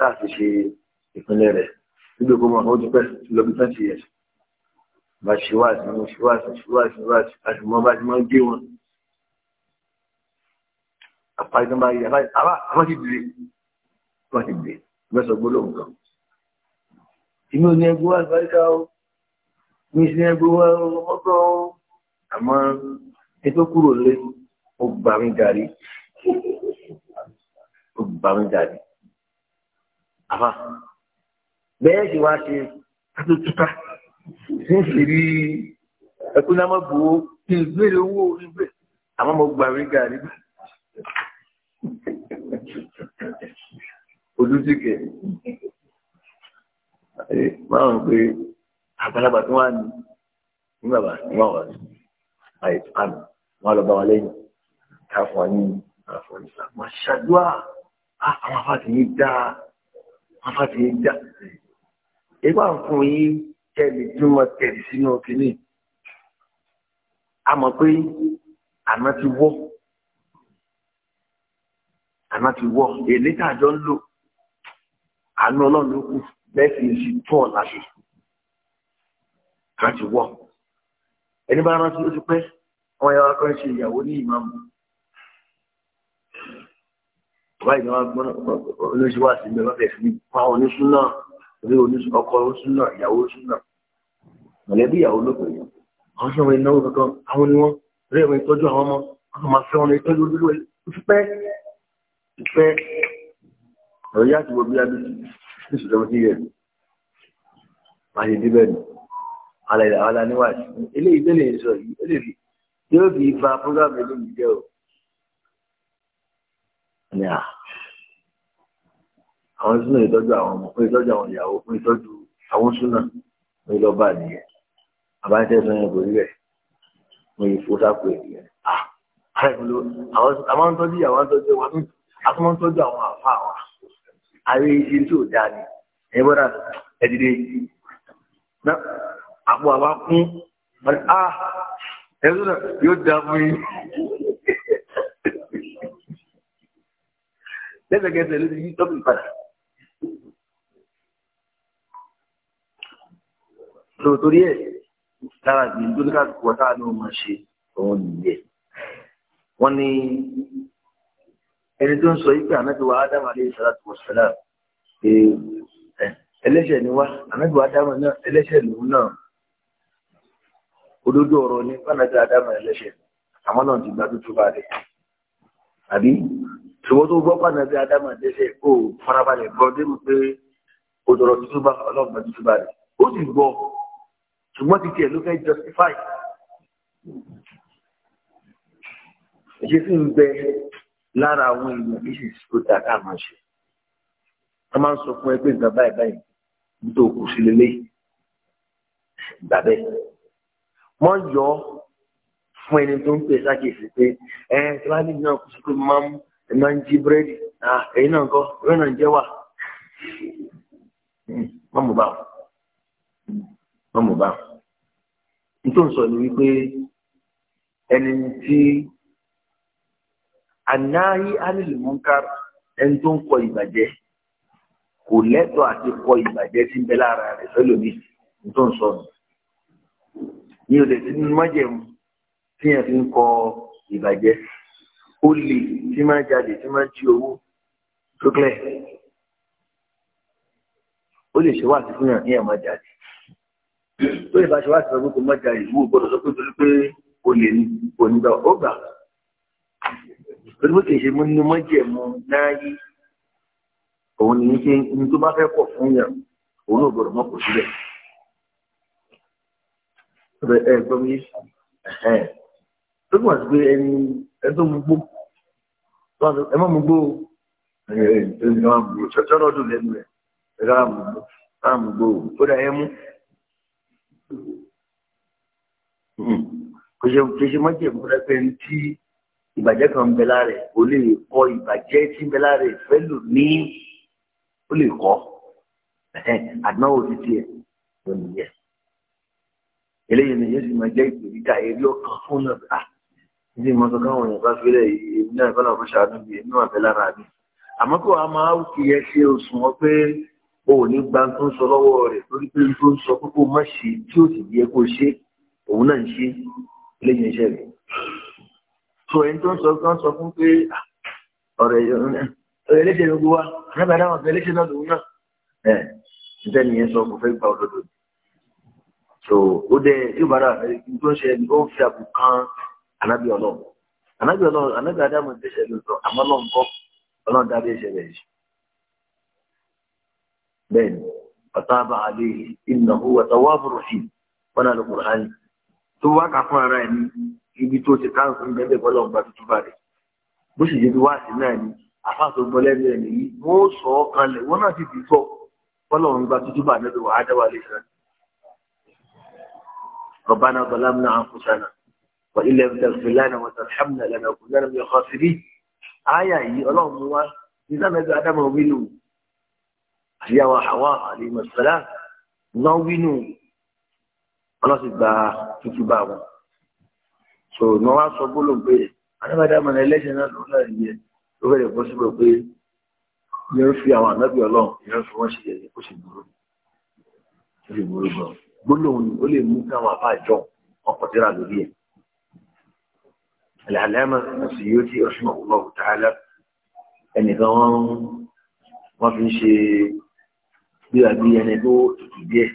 láti ṣe ìpínlẹ̀ rẹ̀ nígbà kó mọ̀ ó ti pẹ́ lọ bí twenty years bá ṣe wá sí wọn ṣe wá sí ṣe wá sí wá sí àti mọ́ bá ti máa ń gé wọn. àpáyé tó ń bá yẹ àbá àbá ti dìde wọ́n ti dìde mẹ́sàn-án gbólóhùn kan. inú ní ẹgbẹ́ wa àgbáríkà ó ní sí ẹgbẹ́ wa ọgbọ́n ó àmọ́ ètò kúrò lé ó gbà mí gàrí ó gbà mí gàrí àbá bẹ́ẹ̀ sì wá ṣe àtúntúta ní ìṣèrí ẹkúnámọ́bù kí n gbére owó orí bẹ́ẹ̀ àmọ́ mo gbà rí gàrí bẹ́ẹ̀ olùsìkè máa ń pe àgbàlagbà tó wà ní ní bàbá ní wà wà sí àyè àmì wọn lọ bá wa lẹ́yìn káfọn ní àfọwọ́nìfà máa ṣàdúrà ah, àwọn afáàtì yìí dáa wọ́n ti dá. Ìgbà fún yín tẹ̀lé tí wọ́n tẹ̀lé sínú kìíní. A mọ̀ pé àná ti wọ́. Àná ti wọ́. Èlé tàjọ ń lò. Àánú ọlọ́run ló kù bẹ́ẹ̀ sì sì tún ọ̀la ṣe. Àná ti wọ́. Ẹni bá rántí ó ti pẹ́, wọ́n yára kọ́ ṣe ìyàwó ní ìmáàmù bàbá ìgbà wọn gbọ́n olóṣù wà sí mẹ́fà fẹ́ fi pa oníṣun náà orí oníṣun ọkọ oníṣun náà ìyàwó oníṣun náà mọ̀lẹ́bí ìyàwó lópin yẹn àwọn sọ wọn ìnáwó kankan àwọn ni wọn rí ẹ̀wọ̀n ìtọ́jú àwọn ọmọ àwọn máa fẹ́ wọn ní ìtọ́jú olúwo ìfipẹ́ ìfẹ́ ọ̀rọ̀ yá àti Yeah àwọn súnà ìtọ́jú àwọn ọmọ fún ìtọ́jú àwọn ìyàwó fún ìtọ́jú àwọn súnà ní lọ́ba nìyẹn àbájáde sọ́yìn kò rí rẹ̀ mo yìí fò sápò ènìyàn ah! àwọn tọ́jú ìyàwó ń wa àtúmọ̀ tọ́jú àwọn àfa wa àrí iṣẹ́ tí ò dáa ni ẹ bọ́dà ẹ̀dìdẹ́ àpò àwa kún ah! ẹ̀rọ náà yóò dáa fún yín. lẹ́sẹ̀kẹsẹ̀ ló ti yí tọ́pì padà. tó torí ẹ̀ lára ìgbìn tó ní káàkiri wọ́n táà ló máa ṣe òun nìyẹn wọ́n ní ẹni tó ń sọ yìí pé ànábì wa ádámù alayhi salatu wa salam ẹlẹ́ṣẹ̀ ni wá ànábì ádámù náà ẹlẹ́ṣẹ̀ lòun náà òdodo ọ̀rọ̀ ni fánàbí ádámù ẹlẹ́ṣẹ̀ àmọ́ náà ti gbà tuntun bá rẹ̀ àbí ṣùgbọ́n tó gbọ́ fánàbí ádámù ẹlẹ́ṣẹ̀ kó farabalẹ̀ gbọ́ dé mi pé òdòrò tuntun bá ọlọ́gbà tuntun bá rẹ̀ ó sì gbọ́ ṣùgbọ́n ti tiẹ̀ ló fẹ́ justify ṣe sì ń bẹ lára àwọn èèyàn bíṣì tó dáa ká máa ṣe wọ́n máa ń sọ fún ẹ pé nǹkan báyìí báyìí nítorí kò sí lélẹ̀ gbà bẹ́ẹ̀ wọ́n yọ fún ẹni tó ń pè sákèsí pé ẹ tí wọ́n á ní náà kó sí pé máa ń máa ń jí búrẹ́dì ẹ̀yin náà kọ́ ẹ̀yin náà jẹ́ wà. Mọ̀mú hmm, báwo wọn mú bá sọ ni wípé ẹni tí anáyí ánìlì munkar ẹni tó ń kọ ìbàjẹ́ kò lẹ́tọ̀ọ́ àti kọ ìbàjẹ́ tí ń bẹ lára rẹ̀ lọ́lọ́mí nítorí sọ ni mi ò lè ti ní májẹ̀mú tí yẹn fi ń kọ ìbàjẹ́ ó lè tí máa jáde tí máa jí owó tó kílẹ̀ ó lè ṣe wá àti fún yàn ní ẹ̀ máa jáde tó ìbá ṣe wá sí ọgbọ́n kò mọ́jà ìlú gbọ́dọ̀ sọ pé torí pé o lè ní kò ní gbà ó gbà torí bó ti ṣe mú ní mọ́jẹ̀ mu náà yí òun ní ṣe ní tó bá fẹ́ pọ̀ fún yàn òun náà gbọ́dọ̀ mọ́ kò síbẹ̀ ẹ gbọ́ mi tó gbọ́n sí pé ẹni ẹni tó mú gbó ẹ má mú gbó ẹ ẹ ẹ ẹ má mú gbó ṣọṣọ́ lọ́dún lẹ́nu rẹ̀ ẹ rárá mú gbó ó dà ẹ mú. Hmm. kò ṣe kò ṣe mọ́jẹ̀mú rẹ́pẹ́ ní tí ìbàjẹ́ kan ń bẹ lára ẹ̀ ó lè kọ́ ìbàjẹ́ tí ń bẹ lára ẹ̀ fẹ́ lò ní ó lè kọ́ àdánwò ti tiẹ̀ ló nìyẹn eléyìí ni yóò sì máa jẹ́ ìpèníjà eré ọkàn fún náà ní ìmọ̀ tó káwọn èèyàn bá fílẹ̀ èmi náà ìbálòpọ̀ ṣàánú bíi èmi wà bẹ́ lára mi àmọ́ kó a máa wù ṣe oṣù pé o ní gba tó ń sọ lọ́wọ́ rẹ̀ torí pé tó ń sọ pé má ṣe tí ó sì yẹ kó ṣe òun náà ń ṣe lẹ́yìn iṣẹ́ rẹ̀. sọ ẹni tó ń sọ kan sọ fún pé ọ̀rẹ́ ẹlẹ́ṣẹ̀ ló wá nígbà táwọn ọ̀gá ẹlẹ́ṣẹ̀ náà lòun náà ẹ̀ ǹjẹ́ nìyẹn sọ kò fẹ́ gba òdodo. so ó dẹ yóò bára ẹni tó ń ṣe ẹni ó ń fi àbù kan anábì ọlọ́run anábì ọlọ́run anábì bẹ́ẹ̀ni ọ̀tábà àlè ìnáwó ọ̀tọ̀wọ́ àbúròsì wọn náà lọ́kùnrin àní tó wá kà fún ara ẹni ibi tó ti káàkiri bẹ́ẹ̀ bọ́lá ọgbà tuntun bá rẹ̀ bó sì jẹ́ bí wáàsí náà ni àfáàtò gbọ́lẹ́nu ẹ̀ nìyí wọ́n sọ ọ́ kalẹ̀ wọ́n náà ti fi bọ́lá ọgbà tuntun bá nẹ́bí wàá dáwà lè sàn. ربنا ظلمنا أنفسنا وإن لم تغفر لنا وترحمنا لنكونن من àyàwó àwa àlèmọ sọlá náà wínú ọlọsì gba tútù bá wọn so náà wá sọ gbólóhùn pé adábàdà mọ ẹlẹsìn náà lọlá ìyẹn ló fẹrẹ bọ síbẹ̀ pé yẹn fi àwọn ànábì Ọlọ́run yẹn fi wọn ṣe yẹyẹ kó sì burú kó sì burú gan gbólóhùn ó lè mú káwọn àbá àjọ ọkọ tíra lórí ẹ. العلامة السيوطي رحمه الله تعالى أن يعني قوام ما في شيء bí àbí ẹni tó tutù díẹ̀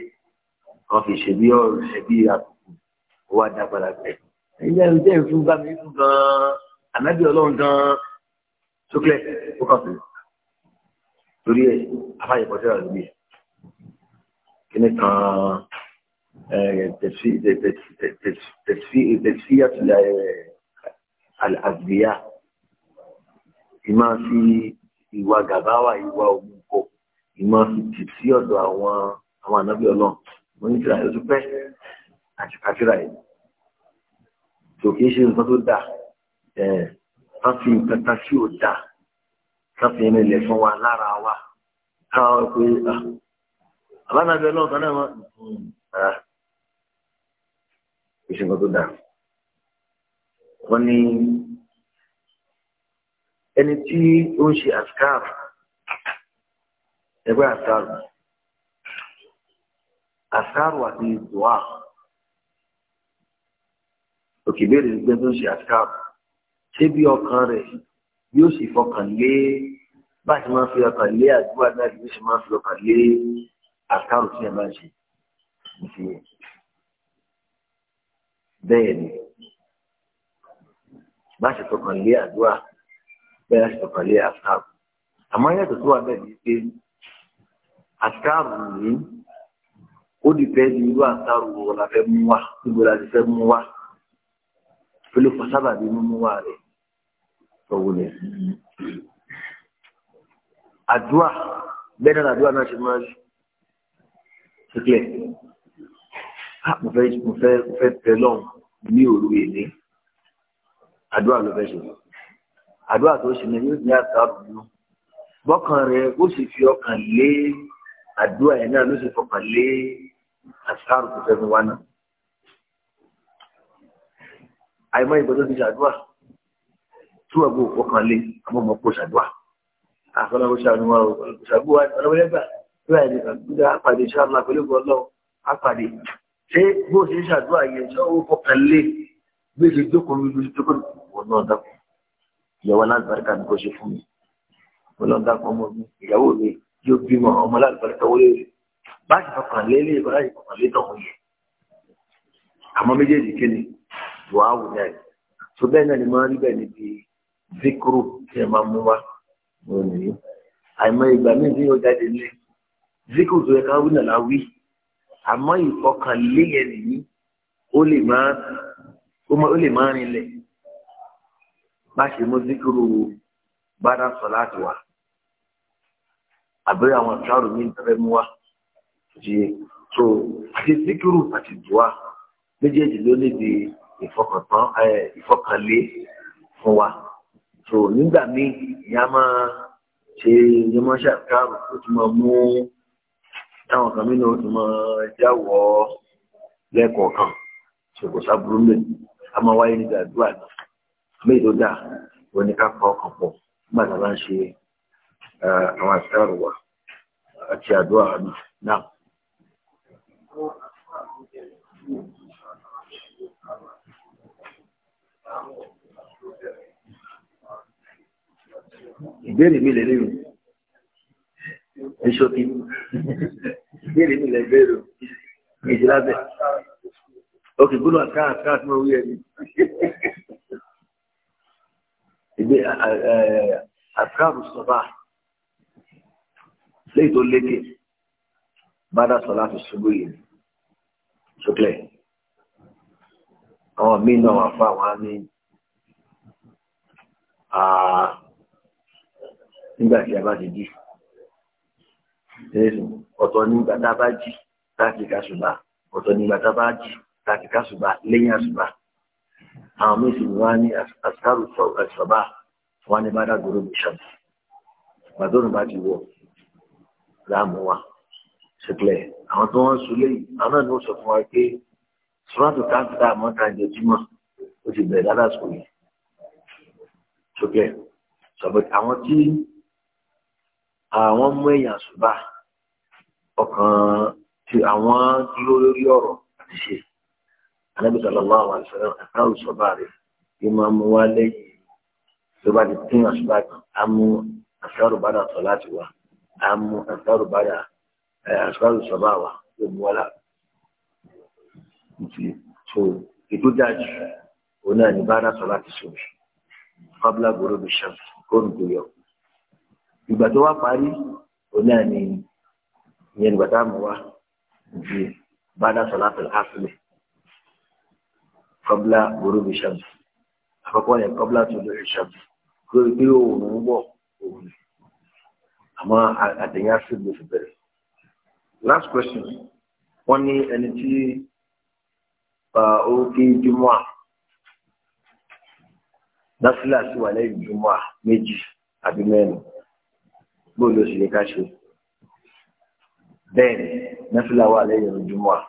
wọ́n fi ṣe bí ọ̀rọ̀ ṣe bí àtùkù ó wá dágbára pẹ̀. ẹ̀yìn ẹ̀rù jẹ́ ìfún bá mi fún gan-an ànábì ọlọ́run gan-an sókè ó kàn fún torí ẹ̀ afáyẹ̀ pọ̀tẹ́rà lórí ẹ̀ kíní kan tẹ̀síyà tilẹ̀ àgbéyà ìmáa fi ìwà gàbáwà ìwà ògùn ìmọ̀ fìtì sí ọ̀dọ̀ àwọn àwọn ànábì ọlọ́run mo ní tìrà yóò tún pẹ́ àtìkàtìrà yìí tó kì í ṣe nǹkan tó dáa ẹ̀ wọ́n fi nǹkan kan tí ò dáa wọ́n fi ẹni ilẹ̀ fún wa lára wa káwọn pé àbánábì ọlọ́run kan náà wọ́n kì í ṣe nǹkan tó dáa wọ́n ní ẹni tí ó ń ṣe àṣkáàrù ẹgbẹ́ àṣàrò àṣàrò àti dùá òkè béèrè gbẹ tó ń ṣe àṣàrò ṣé bí ọkàn rẹ̀ yóò sì fọkàn lé bá a ti máa fi ọkàn lé àdúrà náà yóò sì máa fi ọkàn lé àṣàrò tí ẹ máa ṣe ìfihàn bẹ́ẹ̀ ni bá ṣe tọkàn lé àdúrà bẹ́ẹ̀ ṣe tọkàn lé àṣàrò àmọ́ yàtọ̀ tó wà bẹ́ẹ̀ ni pé àṣàrù yìí ó dìbẹ́ ní irú àṣàrù wo la fẹ́ mú wá níbo la ti fẹ́ mú wá pẹ̀lú fasábà bí mímú wá rẹ̀ lọ́wọ́ lẹ̀. àdúrà bẹ́ẹ̀ náà àdúrà náà ṣe máa ń ṣíkẹ̀ ah, mo fẹ́ mo fẹ́ mo fẹ́ tẹ lọ́hùn ní òru èlé àdúrà ló fẹ́ ṣe àdúrà tó ṣe ní yóò ní àṣàrù yìí bọ́kàn rẹ̀ ó sì fi ọkàn lé àdúrà yẹn náà ló sì fọkàn lé àṣàrò tó fẹ́ mi wá náà. àìmọ́ ìbọn tó ti ṣàdúrà tí wọ́n gbọ́ fọkàn lé àmọ́ mọ́ kó ṣàdúrà. àfọlá kó ṣàdúrà o ṣàgbó wa ọlọ́mọdébà bíwá ẹni kàgbúdà àpàdé ṣàlùmá pẹ̀lú ìbọn ọlọ́run àpàdé. ṣé bó ṣe ń ṣàdúrà yẹn ṣé ó fọkàn lé bí ṣe jókòó lójú jókòó ìyàwó náà dákun yóò bímọ ọmọ alágbàtà owó lè báyìí fọkàn lélẹ̀ báyìí fọkàn létọ̀ wọn yẹ àmọ́ méjèèjì kí ni wà á wù náà yìí tó bẹ́ẹ̀ náà ni máa rí bẹ́ẹ̀ níbi zikuru tí ẹ máa mú wá wọn nìyí àìmọ ìgbà míì tí yóò jáde ní zikuru tó yẹ ká wí náà wí àmọ́ ìfọkànlé yẹn nìyí ó lè máa ó lè bá ṣe mú zikuru bá sọ láti wà àbí àwọn ìtàrù ní ìtàrẹ mú wa jíye tó àti síkírù àti dùá méjèèjì ló lè di ìfọkàntán ìfọkànlé fún wa tó nígbà míì ìyá máa ṣe ìyá máa ṣàkárò tó tún máa mú táwọn kan nínú tó máa jáwọ́ lẹ́ẹ̀kọ̀ọ̀kan ṣòkò sábúrú mẹ́rin a máa wáyé nígbà àdúrà náà méjì tó dáa wọn ni ká kọ́ ọkàn pọ̀ nígbà tá a bá ń ṣe é àwọn àṣàrò wa àti àdúrà àmì náà. ìbéèrè mi lè léwu èso kí ìbéèrè mi lè béèrè ìjìlá bẹ ok gbọ́dọ̀ àká àká tí mo wí ẹni ìgbé àká àrùsọ̀bá léyìí tó lékè bàdà sọlá fi ṣubú yìí ṣùgbọ́n àwọn míì náà wà fún àwọn ní nígbà tí a bá ti jí ọ̀tọ̀ nígbà tá a bá jí láti kásùbà ọ̀tọ̀ nígbà tá a bá jí láti kásùbà lẹ́yìn àsùbà àwọn míì sì wá ní àsìkárù sọ̀bà wọn ni bàdà gbòòrò bìṣọ̀bù bàdóòrùn bá ti wọ̀ láàmú wa ṣùgbọ́n àwọn tó wọ́n sùn léyìí àwọn náà ni ó sọ fún wa pé sùràtù táàbù tá a mọ́ ta jẹ jímọ̀ ó ti bẹ̀rẹ̀ dáadáa sùn yìí ṣùgbọ́n ṣùgbọ́n àwọn tí àwọn mú èèyàn ṣùgbà ọkàn tí àwọn dúró lórí ọ̀rọ̀ àti ṣe anábì sallallahu alaihi wasallam ẹ̀ka òṣùbà rẹ̀ yóò máa mú wa lẹ́yìn tó bá ti tún àṣùbà kan á mú àṣàrò bá dà sọ láti wá àmú àtàrò bàdà àṣàrò sọ̀bà wa gbogbo wa la. so ètò dájú òun náà ní bàdà sọ láti sọ mi fábùlà gbòòrò bí sàm kóòrùn tó yọ. ìgbà tó wá parí òun náà ní ìyẹn ìgbà tá a mọ̀ di bàdà sọ láti àfilẹ̀ fábùlà gbòòrò bí sàm àkọ́kọ́ yẹn fábùlà tó lórí sàm kúrò kí òun ń bọ̀ òun ni àmọ́ àtẹ̀yìn acid ló fi bẹ̀rẹ̀. last question wọ́n ní ẹni tí ó kí jùmọ̀ à násìlà sí wà lẹ́yìn jùmọ̀ à méjì àbí mẹ́rin bóòlù òsì lè ká ṣe bẹ́ẹ̀ ni násìlà wà lẹ́yìn jùmọ̀ à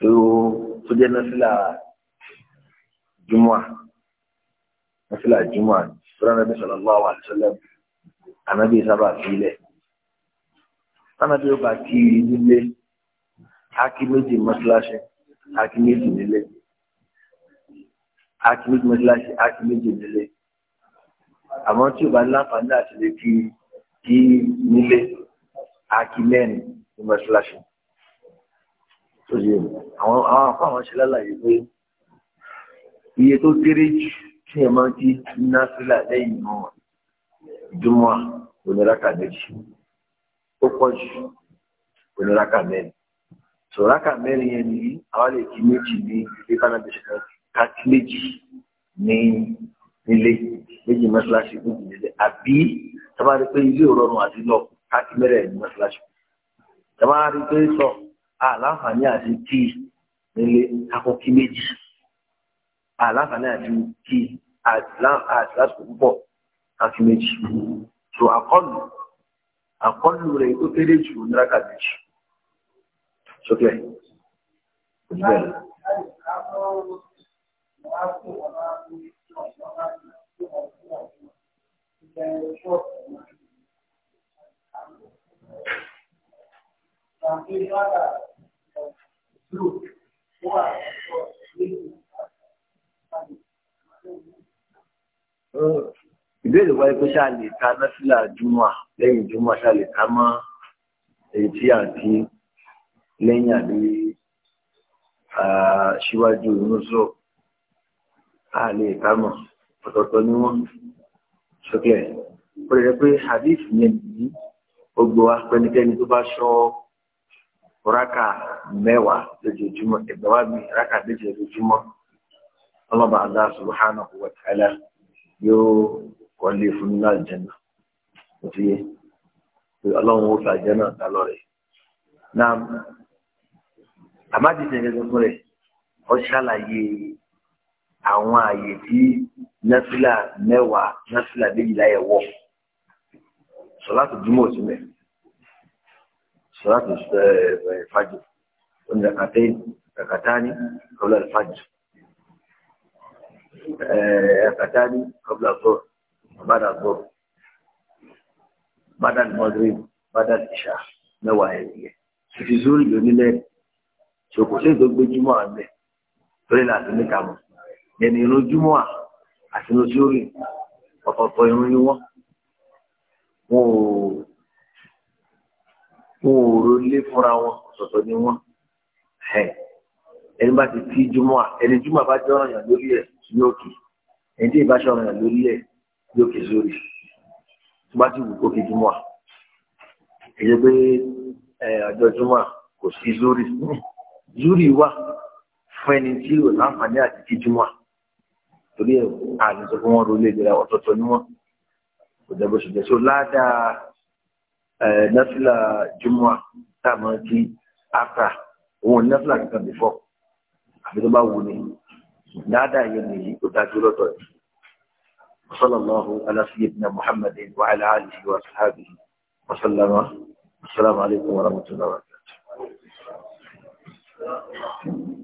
tó tó jẹ́ násìlà jùmọ̀ à násìlà sọ́dọ̀ nàbí sallallahu alaihi wasallam ànábì sábà sílẹ̀ ànábì ó bá kí nílé ákí méjì mọ́síláṣí ákí méjì nílé ákí méjì mọ́síláṣí ákí méjì nílé àmọ́ tí ó bá láǹfààní àti lè kí kí nílé ákí mẹ́rin ní mọ́síláṣí tó yẹ àwọn àwọn àpá àwọn ṣe lálàyé pé iye tó kéré jù tí ẹ máa ń kí násílà lẹ́yìn náà júmọ́ oníraka méjì ó pọ̀ jù oníraka mẹ́rin so raka mẹ́rin yẹn ni àwa lè kí méjì ní ilé kánábẹ́sì kan káàkiri méjì ní nílé méjì mọ́ṣáláṣí méjì nílé àbí tábà rí pé ilé òrọ̀rùn àti lọ káàkiri mẹ́rẹ̀ ní mọ́ṣáláṣí tábà rí pé sọ àlàǹfààní àti kí nílé kakọ kí méjì àlàǹfààní àti kí àti lásìkò púpọ̀ àti méjì tó àkọlù àkọlù rẹ̀ tó kéré jù ní rákà méjì sókè Uh ìbéèrè wáyé pé ṣáà lè ta násìlà júmọ̀ lẹ́yìn júmọ̀ ṣáà lè ta mọ́ èyí tí à ń kí lẹ́yìn àbí síwájú ìrúnṣọ́ a lè ta mọ̀ ọ̀tọ̀ọ̀tọ̀ ni wọ́n sókè ó lè rẹ pé hadith yẹn nìyí ó gbọ́ wá pẹ́nikẹ́ni tó bá ṣọ́ rákà mẹ́wàá lójoojúmọ́ ẹ̀gbẹ́wá mi rákà méje lójoojúmọ́ ọlọ́ba Allah subhanahu wa ta'ala yóò wọ́n lè fún ní àjẹ́nà tó fi yé ọlọ́run ó fi àjẹ́nà dá lọ́rẹ̀ náà àmájíṣe gẹ́gẹ́ fún rẹ̀ ọ ṣàlàyé àwọn ààyè tí nọ́fìlà mẹ́wàá nọ́fìlà méjìlá yẹ wọ̀ sọ̀láàtù júmọ̀ sí mẹ́ sọ̀láàtù fàjù onídàkàtẹ́ kàkàtání kọ́bùlà fàjù kàkàtání kọ́bùlà fọ́ọ̀rù. بعد الظهر بعد المغرب بعد العشاء mẹ́wàá ẹ̀yẹ fífi zúrì lónílẹ̀ ṣòkò sí ìdógbé júmọ́ àgbẹ̀ lórí láti níta mọ̀ ẹni irun júmọ́ à àti irun zúrì ọ̀tọ̀ọ̀tọ̀ irun ni wọ́n wọn ò wọn ò rọlé fúnra wọn ọ̀tọ̀ọ̀tọ̀ ni wọ́n ẹni bá ti tí júmọ́ ẹni júmọ́ bá jọ́ ọ̀ràn yàn lórí ẹ̀ ní òkè ẹni tí ì ṣọ̀ràn yàn lórí ẹ̀ yóò kè sórí tó bá ti wù kó kì í jùmọ̀ èyí pé ọjọ́ jùmọ̀ kò sí zúrì zúrì wà fún ẹni tí ò láǹfààní àti kí jùmọ̀ torí ẹ̀ àti sọ fún wọn ro ilé ìlera ọ̀tọ̀ọ̀tọ̀ ni wọn kò jẹ́ bó ṣe jẹ́ so ládàá nọ́fìlà jùmọ̀ tá a máa kí áfà òun nọ́fìlà kankan bìfọ̀ àbí tó bá wù ní ládàá yẹn nìyí tó dájú lọ́tọ̀ yìí. وصلى الله على سيدنا محمد وعلى آله وأصحابه وسلم السلام عليكم ورحمة الله وبركاته